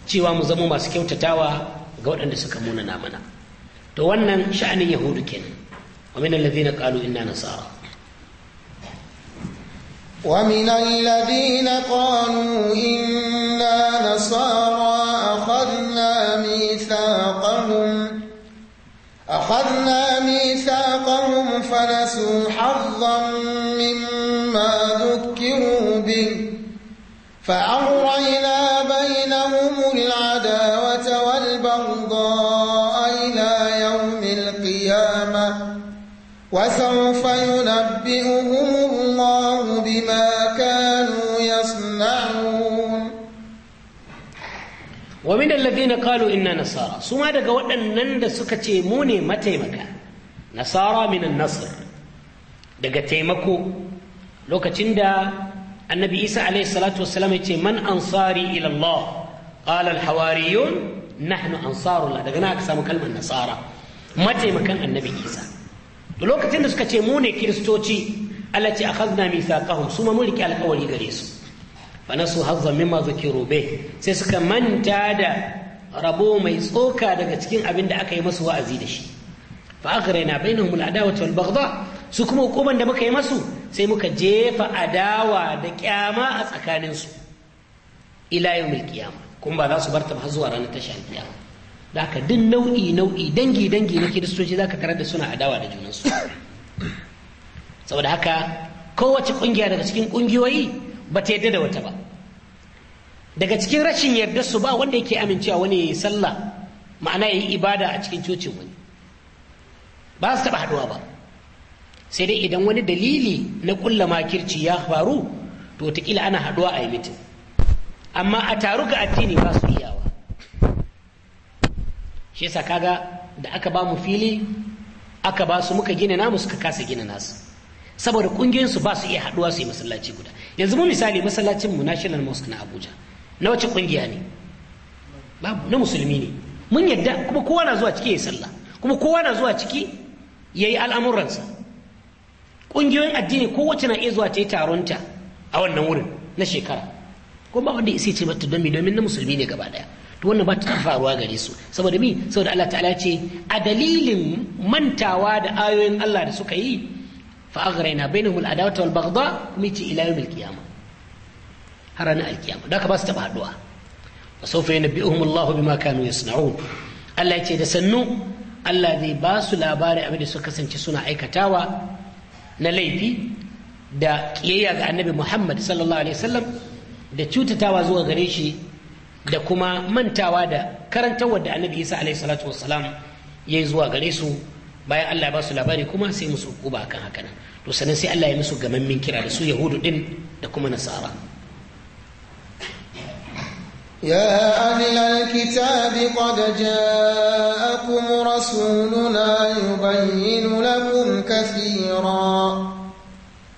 cewa mu zama masu kyautatawa ga waɗanda suka munana mana to wannan sha'anin yahudu kenan wa min alladhina qalu inna nasara min alladhina qalu inna nasara ميثاقهم أخذنا ميثاقهم فنسوا حظا مما ذكروا به فأغرينا بينهم العداوة والبغضاء إلى يوم القيامة وسوف ينبئهم الله بما wa min alladhina qalu inna nasara su ma daga waɗannan da suka ce mu ne mataimaka nasara min an-nasr daga taimako lokacin da annabi Isa alaihi salatu wassalam ya ce man ansari ila Allah qala al-hawariyun nahnu ansarullah daga nan aka samu kalmar nasara mataimakan annabi Isa lokacin da suka ce mu ne kiristoci Allah ce akhadna mithaqahum su ma mun alƙawari gare su fa nasu hazzan mimma zukiru bih sai suka manta da rabo mai tsoka daga cikin abin da aka yi masu wa'azi da shi fa aghrayna bainahum al-adawa wal baghdha su kuma hukuman da muka yi masu sai muka jefa adawa da kyama a tsakanin su ila yawmil qiyamah kun ba za su bar ta ba zuwa ranar tashar kiyama da haka duk nau'i nau'i dangi dangi na kiristoci zaka tarar da suna adawa da junansu saboda haka kowace kungiya daga cikin kungiyoyi ba ta yadda da wata ba daga cikin rashin yarda su ba wanda yake amincewa wani ya yi sallah ma'ana ya yi ibada a cikin cocin wani ba su taɓa haɗuwa ba sai dai idan wani dalili na ƙulla makirci ya faru to wataƙila ana haɗuwa a yi mitin amma a taru ga addini ba su iyawa shi yasa kaga da aka ba mu fili aka ba su muka gina namu suka kasa gina nasu saboda ƙungiyoyinsu ba su iya haɗuwa su yi masallaci guda yanzu mu misali masallacin mu national mosque na abuja na wace kungiya ne babu na musulmi ne mun yadda kuma kowa na zuwa ciki yi sallah kuma kowa na zuwa ciki yayi al'amuransa Ƙungiyoyin addini kowace na iya zuwa ta yi taronta a wannan wurin na shekara ko ba wanda sai ce mata don domin na musulmi ne gaba daya to wannan ba ta faruwa gare su saboda mi saboda Allah ta'ala ce a dalilin mantawa da ayoyin Allah da suka yi fa aghrayna bainahum al-adawata wal baghdha kuma ce ila yawmil qiyamah har ranar alkiyama da ka ba su taɓa haɗuwa wa saufa yana bi'uhum bi bima kanu yasna'un Allah ya ce da sannu Allah zai ba su labarin abin da suka kasance suna aikatawa na laifi da kiyayya ga annabi Muhammad sallallahu alaihi wasallam da cutatawa zuwa gare shi da kuma mantawa da karantarwar da annabi Isa alaihi salatu wassalam ya yi zuwa gare su bayan Allah ya ba su labari kuma sai musu uba kan haka nan to sannan sai Allah ya musu gamammin kira da su yahudu din da kuma nasara يا أهل الكتاب قد جاءكم رسولنا يبين لكم كثيرا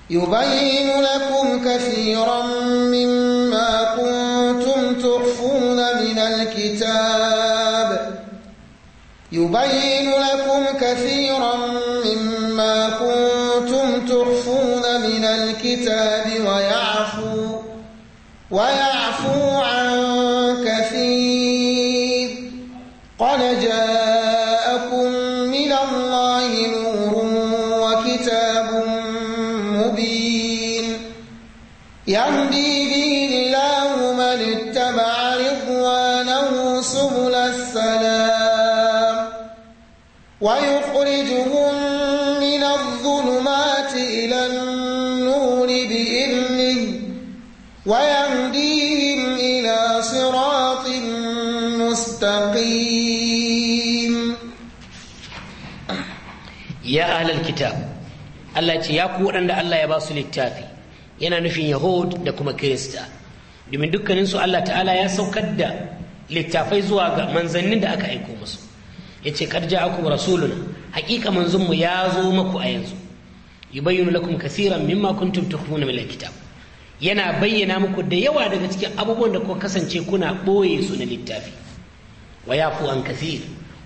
يبين لكم كثيرا مما كنتم تخفون من الكتاب يبين لكم كثيرا مما كنتم تخفون من الكتاب ويعفو ويعفو سبل السلام ويخرجهم من الظلمات إلى النور بإذنه ويهديهم إلى صراط مستقيم يا أهل الكتاب Allah ce ya kuwa waɗanda Allah ya ba su littafi yana nufin Yahud da kuma Kirista domin dukkaninsu Allah ta'ala ya saukar da littafai zuwa ga manzannin da aka aiko musu ya yace karja aku rasuluna haƙiƙa manzon ya zo maku a yanzu Yi bayyana lakum kasiran mimma kuntum tukhfuna min alkitab yana bayyana muku da yawa daga cikin abubuwan da kuka kasance kuna boye su na littafi wa yafu an kasir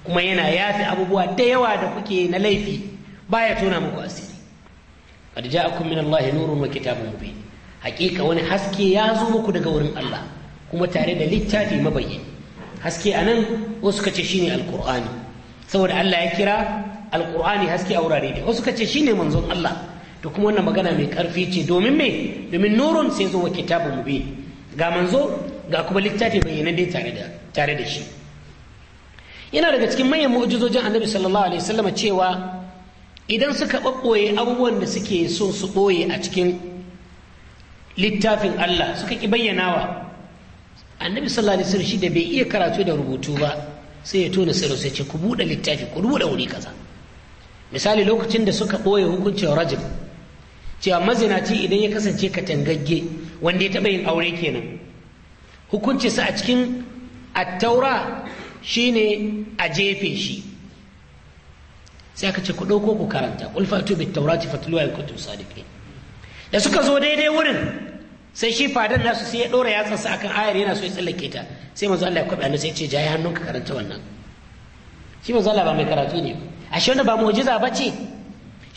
kuma yana yafi abubuwa da yawa da kuke na laifi baya tona muku asiri qad ja'akum min allahi nurun wa kitabun mubin haƙiƙa wani haske ya zo muku daga wurin Allah kuma tare da littafi mabayyin haske a nan wasu kace shine alkur'ani saboda Allah ya kira alkur'ani haske a wurare da wasu kace shine manzon Allah to kuma wannan magana mai karfi ce domin me domin nurun sai zo wa kitabun mubin ga manzo ga kuma littafi bayyana dai tare da tare da shi yana daga cikin manyan mu'jizojin annabi sallallahu alaihi wasallam cewa idan suka ɓaɓɓoye abubuwan da suke so su ɓoye a cikin littafin Allah suka ki bayyanawa annabi sallallahu alaihi wasallam shi da bai iya karatu da rubutu ba sai ya tona sirri sai ce ku buɗe littafi ku buɗe wuri kaza misali lokacin da suka ɓoye hukuncin rajin cewa mazinaci idan ya kasance katangagge wanda ya taɓa yin aure kenan hukunci sa a cikin attaura shine a jefe shi sai aka ce ku ɗauko ku karanta ulfatu bit taurati fatluwa ya sadiqin da suka zo daidai wurin sai shi fadan nasu sai ya ɗora yatsansa akan ayar yana so ya tsallake ta sai manzo Allah ya kwaɓe hannu sai ce jaye hannunka karanta wannan shi manzo Allah ba mai karatu ne ashe wanda ba mu'jiza ba ce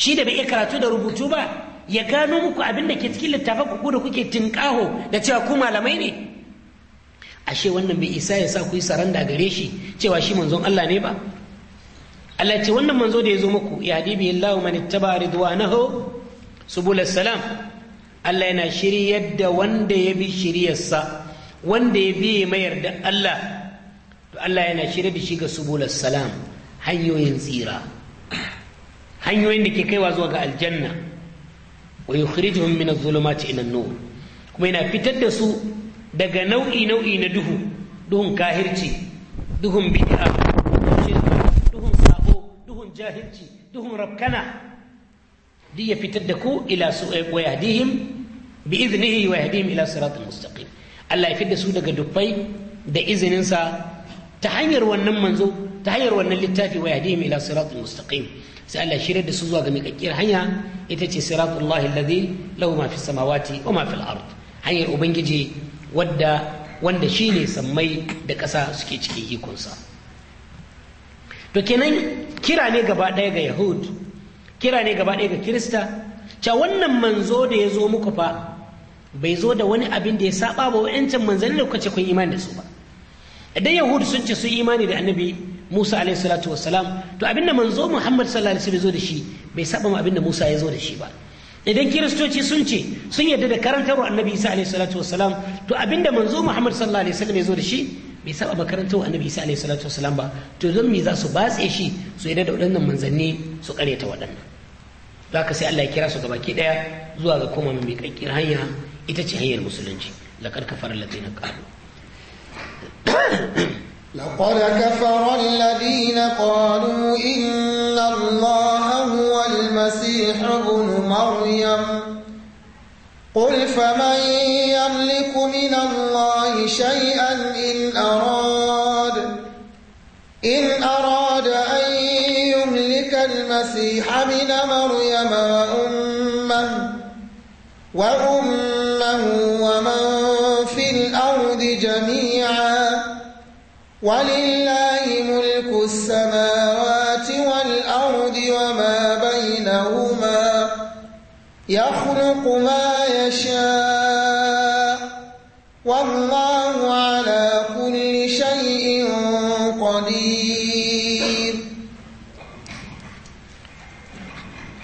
shi da bai iya karatu da rubutu ba ya gano muku abin da ke cikin littafin ku da kuke tinkaho da cewa ku malamai ne ashe wannan bai isa ya sa ku yi saranda gare shi cewa shi manzon Allah ne ba Allah ce wannan manzo da ya zo muku ya hadibi Allahu man ittaba ridwanahu subul salam Allah yana shiryar da wanda ya bi shiryarsa wanda ya biye mayar da Allah to Allah yana shirya da shi ga subulal salam hanyoyin tsira hanyoyin da ke kaiwa zuwa ga aljanna wa yukhrijuhum min adh-dhulumati ila an-nur kuma yana fitar da su daga nau'i nau'i na duhu duhun kahirci duhun bid'a duhun shirka duhun sabo duhun jahilci duhun rabkana duk ya fitar da ku ila su eh, wa yahdihim bi iznihi wa ila siratal mustaqim Allah ya fitar da su daga dubbai da izininsa ta hanyar wannan manzo ta hanyar wannan littafi wa yahdihim ila siratal mustaqim sai Allah shirya da su zuwa ga miƙaƙƙiyar hanya ita ce siratullahi alladhi lahu ma fi samawati wa ma fil hanyar ubangiji wadda wanda shi ne sammai da ƙasa suke cikin ikonsa to kenan kira ne gaba ɗaya ga yahud kira ne gaba ɗaya ga kirista ca wannan manzo da ya zo muku fa bai zo da wani abin da ya saba ba wa'ancan manzanni da kuka ce kun imani da su ba idan yahudu sun ce sun imani da annabi musa alaihi salatu wassalam to abin da manzo muhammad sallallahu alaihi wasallam zo da shi bai saba ma abin da musa ya zo da shi ba idan kiristoci sun ce sun yarda da karantarwa annabi isa alaihi salatu salam, to abin da manzo muhammad sallallahu alaihi wasallam ya zo da shi bai saba ma karantarwa annabi isa alaihi salatu salam ba to don me za su batse shi su yarda da waɗannan manzanni su ta waɗannan za ka sai Allah ya kira su gabaki daya zuwa ga koma mai kakkiyar hanya ita ce hanyar musulunci laqad kafara alladhina qalu لقد كفر الذين قالوا إن الله هو المسيح ابن مريم قل فمن يملك من الله شيئا إن أراد إن أراد المسيح ابن مريم وأمه وأمه ومن في الأرض جميعا ولله ملك السماوات والأرض وما بينهما يخلق ما يشاء والله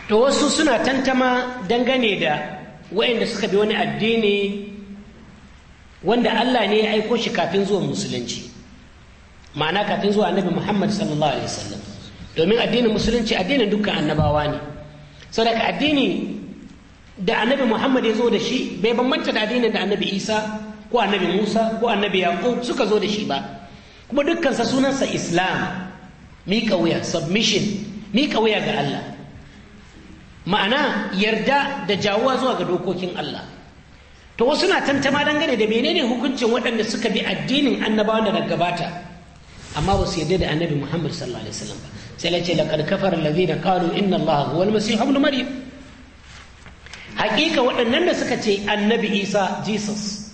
to wasu suna tantama dangane da waɗanda suka bi wani addini wanda Allah ne ya aiko shi kafin zuwa musulunci ma'ana kafin zuwa annabi Muhammad sallallahu alaihi wasallam domin addinin musulunci addinin dukkan annabawa ne saboda addini da annabi Muhammad ya zo da shi bai bambanta da addinin da annabi Isa ko annabi Musa ko annabi Yaqub suka zo da shi ba kuma dukkansa sunansa Islam miƙa wuya submission miƙa wuya ga Allah ma'ana yarda da jawuwa zuwa ga dokokin Allah to wasu na tantama dangane da menene hukuncin waɗanda suka bi addinin annabawan da gabata amma ba su yarda da annabi Muhammad sallallahu alaihi wasallam ba sai ya ce laqad kafara alladhina qalu inna Allah huwa al-masih ibn maryam haƙiƙa waɗannan da suka ce annabi Isa Jesus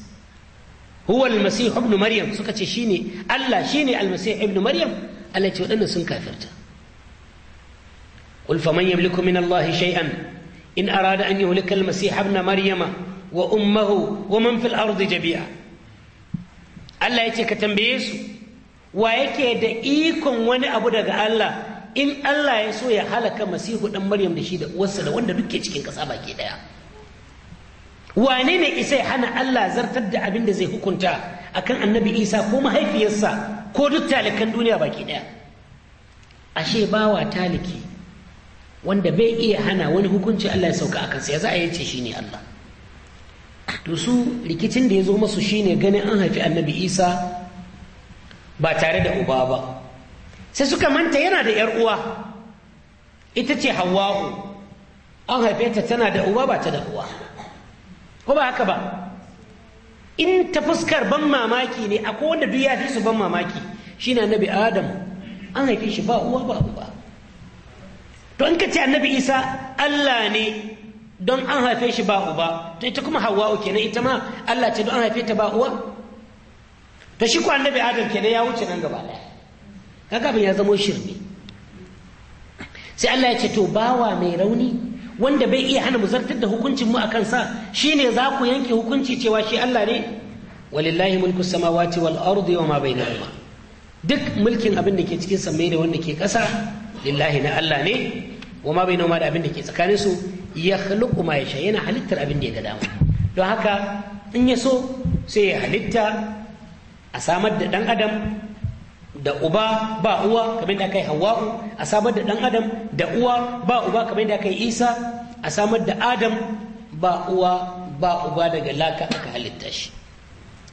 huwa al-masih ibn maryam suka ce shine Allah shine al-masih ibn maryam Allah ce waɗannan sun kafirta قل فمن يملك من الله شيئا إن أراد أن يهلك المسيح ابن مريم وأمه ومن في الأرض جميعا Allah ya ce ka tambaye su wa yake da ikon wani abu daga Allah in Allah ya so ya halaka masihu ɗan Maryam da shi da uwarsa da wanda duke cikin ƙasa baki ɗaya? wane ne isa ya hana Allah zartar da abin da zai hukunta akan annabi Isa ko mahaifiyarsa ko duk talikan duniya baki ɗaya? ashe bawa taliki wanda bai iya hana wani hukunci Allah ya sauka a kansa ya za a yi ce ne Allah to su rikicin da ya zo masu shi ne ganin an haifi annabi Isa ba tare da uba ba sai suka manta yana da yar uwa ita ce hawa'u an haife ta tana da uba ba ta da uwa ko ba haka ba in ta fuskar ban mamaki ne akwai wanda duk ya fi su ban mamaki shine annabi Adam an haife shi ba uwa ba uba to in ka ce annabi isa allah ne don an haife shi ba uba to ita kuma hawa'u kenan ita ma allah ce don an haife ta ba uwa to shi ko annabi adam kenan ya wuce nan gaba daya kaga ya zamo shirme sai allah ya ce to bawa mai rauni wanda bai iya hana mu zartar da hukuncin mu akan sa shine za ku yanke hukunci cewa shi allah ne walillahi mulku samawati wal ardi wa ma bainahuma duk mulkin abin da ke cikin sammai da wanda ke ƙasa lillahi na allah ne Wama bai noma da abin da ke tsakanin su ya khluqu ma sha yana halittar abin da ya ga dama don haka in ya so sai ya halitta a samar da dan adam da uba ba uwa kamar da aka yi hawa'u a samar da dan adam da uwa ba uba kamar da aka isa a samar da adam ba uwa ba uba daga laka aka halitta shi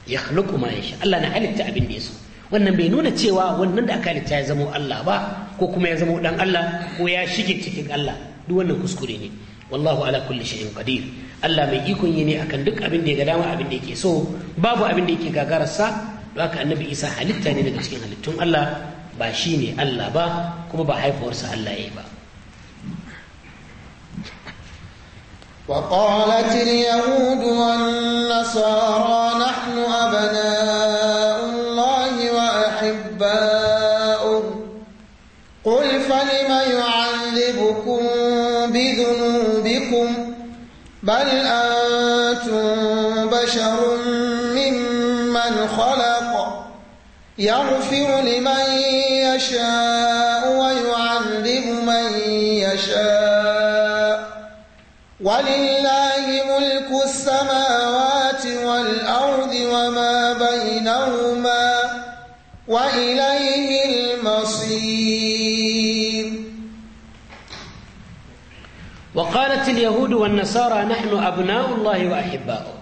ya khluqu ma sha Allah na halitta abin da ya so wannan bai nuna cewa wannan da aka halitta ya zama Allah ba ko kuma ya zama dan Allah ko ya shige cikin Allah duk wannan kuskure ne wallahu ala kulli shay'in qadir Allah mai ikon yi ne akan duk abin da ya ga dama abin da yake so babu abin da yake gagararsa don haka annabi Isa halitta ne daga cikin halittun Allah ba shi ne Allah ba kuma ba haifuwarsa Allah ya yi ba وقالت اليهود والنصارى نحن أبناء بل أنتم بشر ممن خلق يغفر لمن يشاء ويعذب من يشاء ولله ملك السماوات والأرض وما بينهما وإليه المصير وقالت اليهود والنصارى نحن أبناء الله وأحباؤه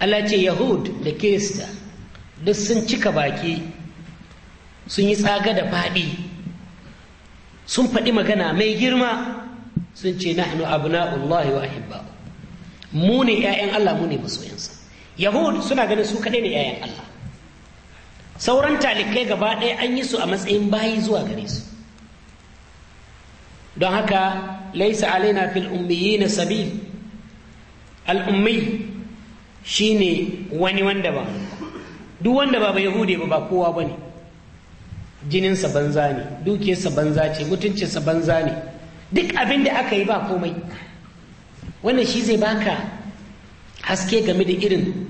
Allah ce Yahud da Kirista duk sun cika baki sun yi tsaga da faɗi sun faɗi magana mai girma sun ce nahnu abna'ullahi wa ahibba'u mu ne 'ya'yan Allah mu ne masoyansa Yahud suna ganin su kaɗai ne 'ya'yan Allah sauran talikai gaba ɗaya an yi su a matsayin bayi zuwa gare su don haka laisa alaina fil ummiyina sabil al'ummi shine wani wanda ba duk wanda ba yahude ba ba kowa bane jininsa banza ne dukiyarsa banza ce mutuncinsa banza ne duk abin da aka yi ba komai wannan shi zai baka haske game da irin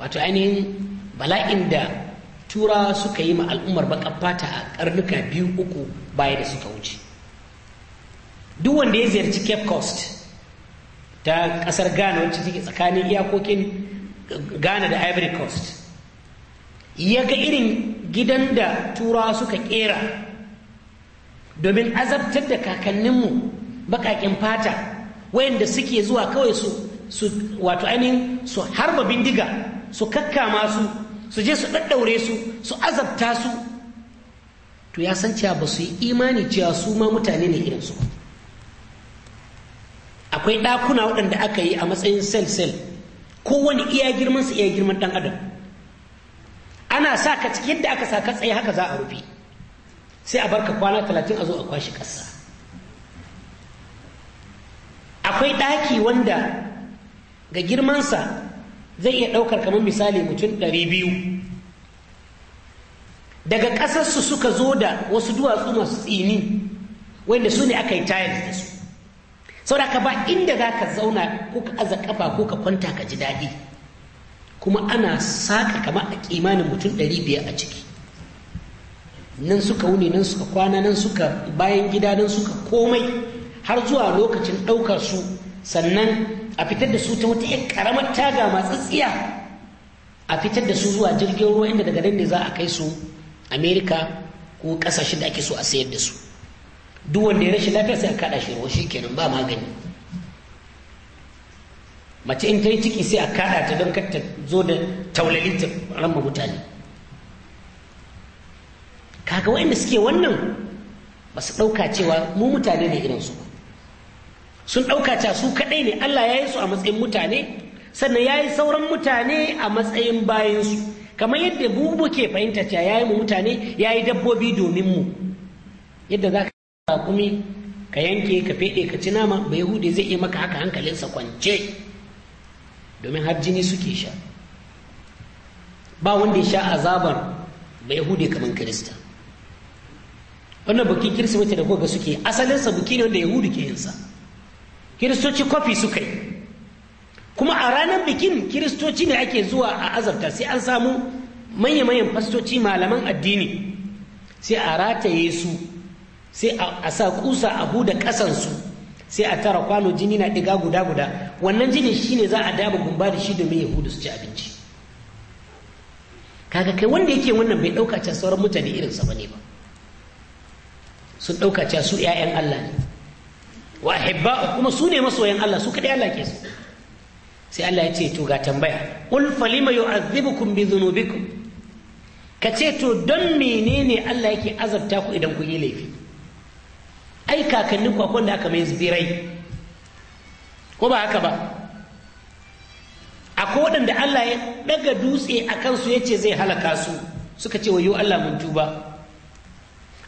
wato ainihin bala'in da turawa suka yi ma al'ummar baƙar fata a karnuka biyu uku baya da suka wuce duk wanda ya ziyarci cape coast ta kasar ghana wacce take tsakanin iyakokin ghana da ivory coast ya ga irin gidan da turawa suka kera domin azabtar da kakanninmu bakakin fata wayanda suke zuwa kawai su su wato ainihin su harba bindiga su kakkama su su je su ɗaɗɗaure su su azabta su to ya san cewa ba su yi imani cewa su ma mutane ne irinsu ba akwai ɗakuna waɗanda aka yi a matsayin sel-sel wani iya girman su iya girman ɗan adam ana sa ka ciki yadda aka sa ka tsaye haka za a rufe sai a barka kwana talatin a zo a kwashe ƙasa akwai ɗaki wanda ga girmansa zai iya ɗaukar kamar misali mutum ɗari biyu daga ƙasarsu suka zo da wasu duwatsu masu tsini wanda su ne aka yi tayar da su saboda ka ba inda za ka zauna ko ka aza kafa ko ka kwanta ka ji daɗi kuma ana saka kama a kimanin mutum ɗari biyar a ciki nan suka wuni nan suka kwana nan suka bayan gida nan suka komai har zuwa lokacin ɗaukar su sannan a fitar da su ta wata yin ƙaramar taga tsiya a fitar da su zuwa jirgin ruwa inda daga nan ne za a kai su amerika ko ƙasashen da ake so a sayar da su duk wanda ya rashin lafiya sai a kada shi ruwa shikenan ba magani mace in ta yi ciki sai a kada ta don ta zo da taulali ta ramba mutane kaga wa'anda suke wannan ba su ɗauka cewa mu mutane ne irinsu su sun ɗauka cewa su kaɗai ne Allah ya yi su a matsayin mutane sannan ya yi sauran mutane a matsayin bayansu kamar yadda bubu ke fahimta cewa ya yi mu mutane ya yi dabbobi domin mu yadda za raƙumi ka yanke ka feɗe ka ci nama ba yahudi zai iya maka haka hankalinsa kwance domin har jini suke sha ba wanda ya sha azabar ba yahudi kamar kirista wannan bukin kirsimeti da goga suke asalinsa buki ne wanda yahudu ke yinsa kiristoci kwafi suka yi kuma a ranar bikin kiristoci ne ake zuwa a azabta sai an samu manya-manyan fastoci malaman addini sai a rataye su sai a sa kusa a buɗe ƙasansu sai a tara kwano jini na ɗiga guda guda wannan jini shine za a daba gumba da shi domin yahudu su ci abinci kaga kai wanda yake wannan bai ɗauka ca sauran mutane irin sa ne ba sun ɗauka ca su 'ya'yan Allah ne wa ahibba'u kuma su ne masoyan Allah su kaɗai Allah ke su sai Allah ya ce to ga tambaya qul falima yu'adhibukum bi dhunubikum ka ce to don menene Allah yake azabta ku idan ku yi laifi ai kakannin kwakwan da aka mai birai ko ba haka ba akwai waɗanda Allah ya ɗaga dutse a kansu ya ce zai halaka su suka ce wayo Allah mun tuba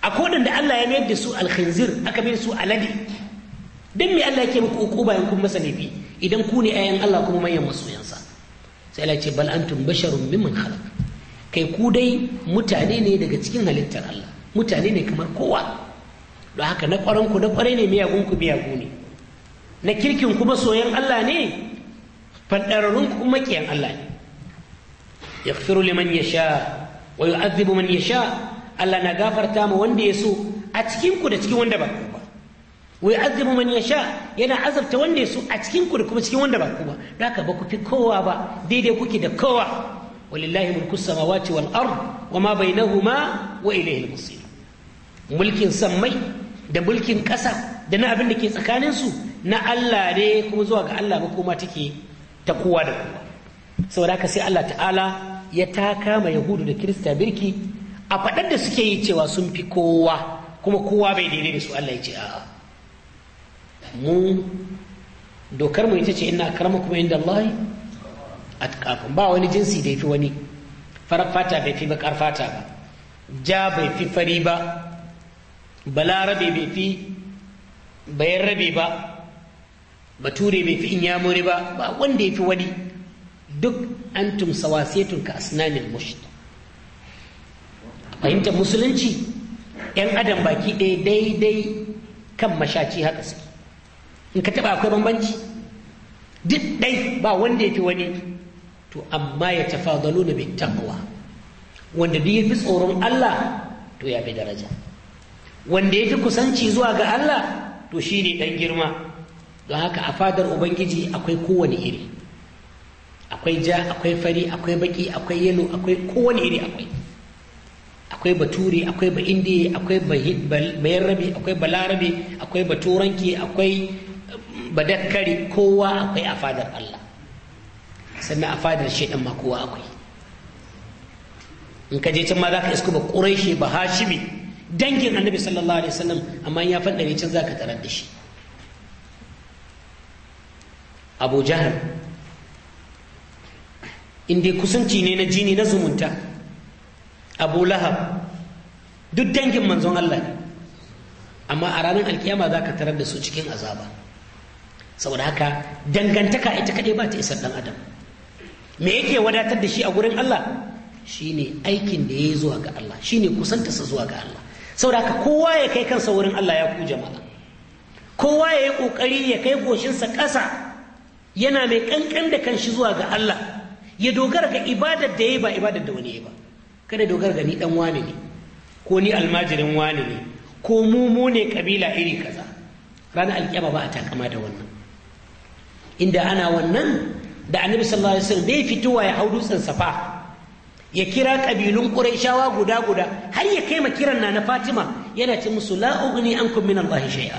akwai waɗanda Allah ya mayar da su alkhinzir aka mayar su alade don me Allah yake muku uku bayan kun masa idan ku ne ayan Allah kuma manyan masoyansa sai Allah ce bal antum basharun mimman khalaq kai ku dai mutane ne daga cikin halittar Allah mutane ne kamar kowa don haka na ku na kwarai ne miyagunku miyagu ne na kirkin kuma soyan Allah ne fadararrun kuma maƙiyan Allah ne Ya yaghfiru liman sha, wa yu'adhibu man ya sha Allah na gafarta ma wanda ya so a cikin ku da cikin wanda ba ku ba wa yu'adhibu man ya sha yana azabta wanda ya so a cikin ku da kuma cikin wanda ba ku ba haka ba ku fi kowa ba daidai kuke da kowa walillahi mulku samawati wal ard wa ma bainahuma wa ilayhi al-masir mulkin sammai da mulkin ƙasa da na abin da ke tsakaninsu na Allah ne kuma zuwa ga Allah makoma take ta kowa da kowa saboda haka sai Allah ta'ala ya taka ma yahudu da kirista birki a faɗar da suke yi cewa sun fi kowa kuma kowa bai daidai da su Allah ya ce a'a mu dokar mu ita ce ina karama kuma inda Allah atqakum ba wani jinsi da ya fi wani farar fata bai fi bakar fata ba ja bai fi fari ba balarabe bai fi bayan rabe ba bature bai fi inyamuri ba ba wanda ya fi wani duk an antum sawasetun ka asnanin mushd fahimtar musulunci 'yan adam baki ɗaya daidai kan mashaci haka suke in ka taɓa akwai bambanci duk ɗai ba wanda ya fi wani to amma ya tafadalu na bin wanda duk ya fi tsoron Allah to ya fi daraja wanda ya fi kusanci zuwa ga Allah to shi ne ɗan girma don haka a fadar ubangiji akwai kowane iri akwai ja akwai fari akwai baki akwai yalo akwai kowane iri akwai akwai bature akwai ba indiya akwai Bayan-Rabi, akwai balarabe akwai baturanki akwai badakkari kowa akwai a fadar Allah sannan a fadar shaidan ma kowa akwai in ka je can ma za ka iskuba ba ƙurai ba hashimi dangin annabi sallallahu alaihi wasallam amma ya faɗa can za ka tarar da shi abu jahal inda kusanci ne na jini na zumunta abu lahab duk dangin manzon allah ne amma a ranar alkiyama za ka tarar da su cikin azaba saboda haka dangantaka ita kaɗai ba ta isar ɗan adam me yake wadatar da shi a gurin allah shine aikin da ya yi zuwa ga allah shine kusantarsa zuwa ga allah saboda ka kowa ya kai kansa wurin Allah ya ku jama'a kowa ya yi ƙoƙari ya kai goshinsa ƙasa yana mai ƙanƙan da kanshi zuwa ga Allah ya dogara ga ibadar da ya yi ba ibadar da wani ya ba kada dogara ga ni ɗan wani ne ko ni almajirin wani ne ko mu ne kabila iri kaza ranar alƙiyama ba a takama da wannan inda ana wannan da annabi sallallahu alaihi wasallam bai fitowa ya hau dutsen safa ya kira ƙabilun ƙuraishawa guda guda har ya kai kiran na na fatima yana ce musu la an ankum min allahi shay'a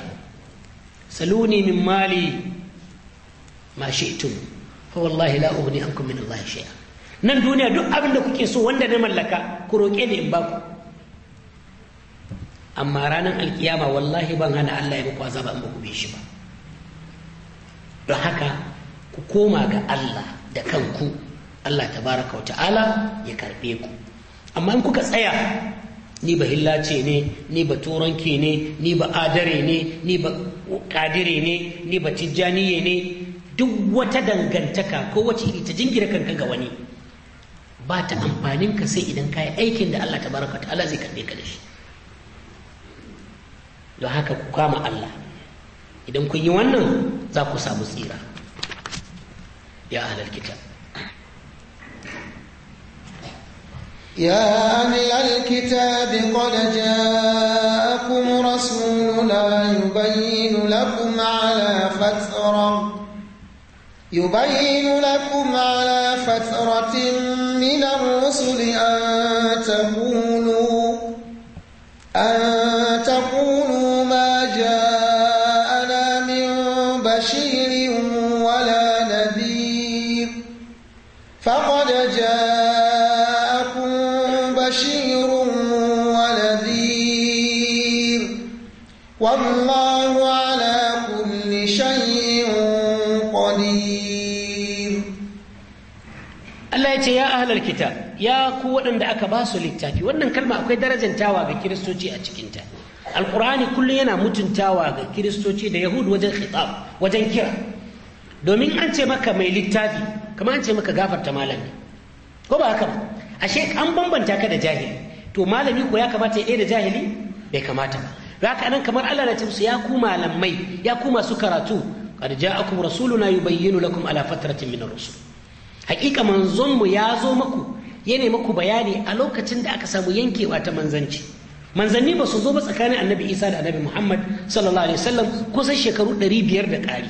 saluni min mali ma shi'tum fa wallahi la an ankum min allahi shay'a nan duniya duk abin da kuke so wanda na mallaka ku roƙe ni in ba ku amma ranar alƙiyama wallahi ban hana Allah ya muku azaba in ba ku shi ba don haka ku koma ga Allah da kanku Allah tabaraka wa ta'ala ya karɓe ku amma in kuka tsaya ni ba hillace ne ni ba turanki ne ni ba adare ne ni ba kadire ne ni ba tijjaniye ne duk wata dangantaka ko wace iri ta jingira kanka ga wani ba ta amfanin ka sai idan kayi aikin da Allah tabaraka wa ta'ala zai karɓe ka da shi don haka ku kama Allah idan kun yi wannan za ku samu tsira ya ahlal kitab يا أهل الكتاب قد جاءكم رسولنا يبين لكم على فترة يبين لكم على فترة من الرسل أن تقولوا أن ahlul kitab ya ku waɗanda aka ba su littafi wannan kalma akwai tawa ga kiristoci a cikinta alkur'ani kullum yana mutuntawa ga kiristoci da yahudu wajen khitab wajen kira domin an ce maka mai littafi kamar an ce maka gafarta malami ko ba haka ba ashe an bambanta ka da jahili to malami ko ya kamata ya da jahili bai kamata ba haka nan kamar Allah na ce su ya ku malamai ya ku masu karatu qad ja'akum rasuluna yubayyinu lakum ala fatratin min ar-rusul hakika mu ya zo maku ya nemi ku bayani a lokacin da aka samu yankewa ta manzanci manzanni ba su zo ba tsakanin annabi isa da annabi muhammad sallallahu alaihi wasallam kusan shekaru ɗari biyar da ƙari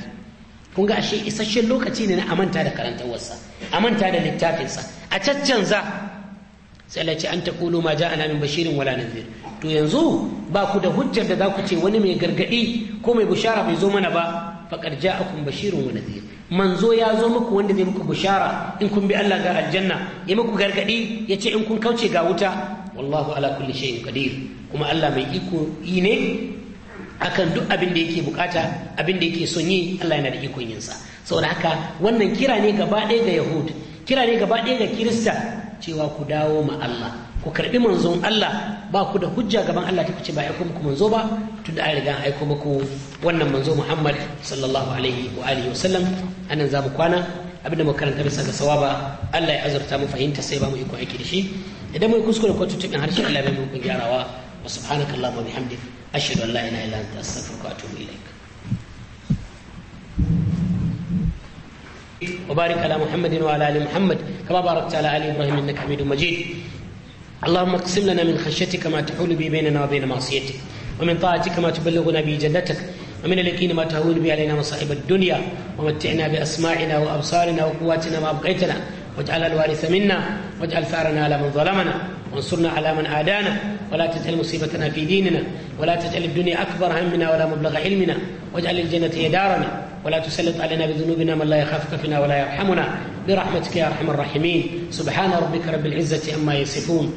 kun ga ashe isasshen lokaci ne na amanta da karantarwarsa amanta da littafinsa a caccan za. sai Allah an an taqulu ma ja'ana min bashirin wala nadhir to yanzu ba ku da hujjar da za ku ce wani mai gargadi ko mai bushara bai zo mana ba faqad ja'akum bashirun wa nadhir manzo ya zo muku wanda zai muku bushara in kun bi Allah ga aljanna ya muku gargadi ya ce in kun kauce ga wuta wallahu ala kulli shay'in qadir kuma Allah mai iko yi ne akan duk abin da yake bukata abin da yake son yi Allah yana da ikon yin sa saboda haka wannan kira ne gaba ɗaya ga yahud kira ne gaba ɗaya ga kirista cewa ku dawo ma Allah ku karbi manzon Allah ba ku da hujja gaban Allah ta kuce ba aiko muku manzo ba tun da an riga aiko muku wannan manzo Muhammad sallallahu alaihi wa alihi wa sallam anan za mu kwana abinda mu karanta bisa ga sawaba Allah ya azurta mu fahimta sai ba mu iko aiki da shi idan mu kuskure ko tutubin harshe Allah bai mu kun gyarawa wa subhanakallahu wa bihamdik ashhadu an la ilaha illa anta astaghfiruka wa atubu ilaik وبارك على محمد وعلى ال محمد كما باركت على ال ابراهيم انك حميد مجيد اللهم اقسم لنا من خشيتك ما تحول به بيننا وبين معصيتك ومن طاعتك ما تبلغنا به جنتك ومن اليقين ما تهون به علينا مصائب الدنيا ومتعنا بأسماعنا وأبصارنا وقواتنا ما أبقيتنا واجعل الوارث منا واجعل ثارنا على من ظلمنا وانصرنا على من عادانا ولا تجعل مصيبتنا في ديننا ولا تجعل الدنيا أكبر همنا ولا مبلغ علمنا واجعل الجنة هي دارنا ولا تسلط علينا بذنوبنا من لا يخافك فينا ولا يرحمنا برحمتك يا ارحم الراحمين سبحان ربك رب العزه عما يصفون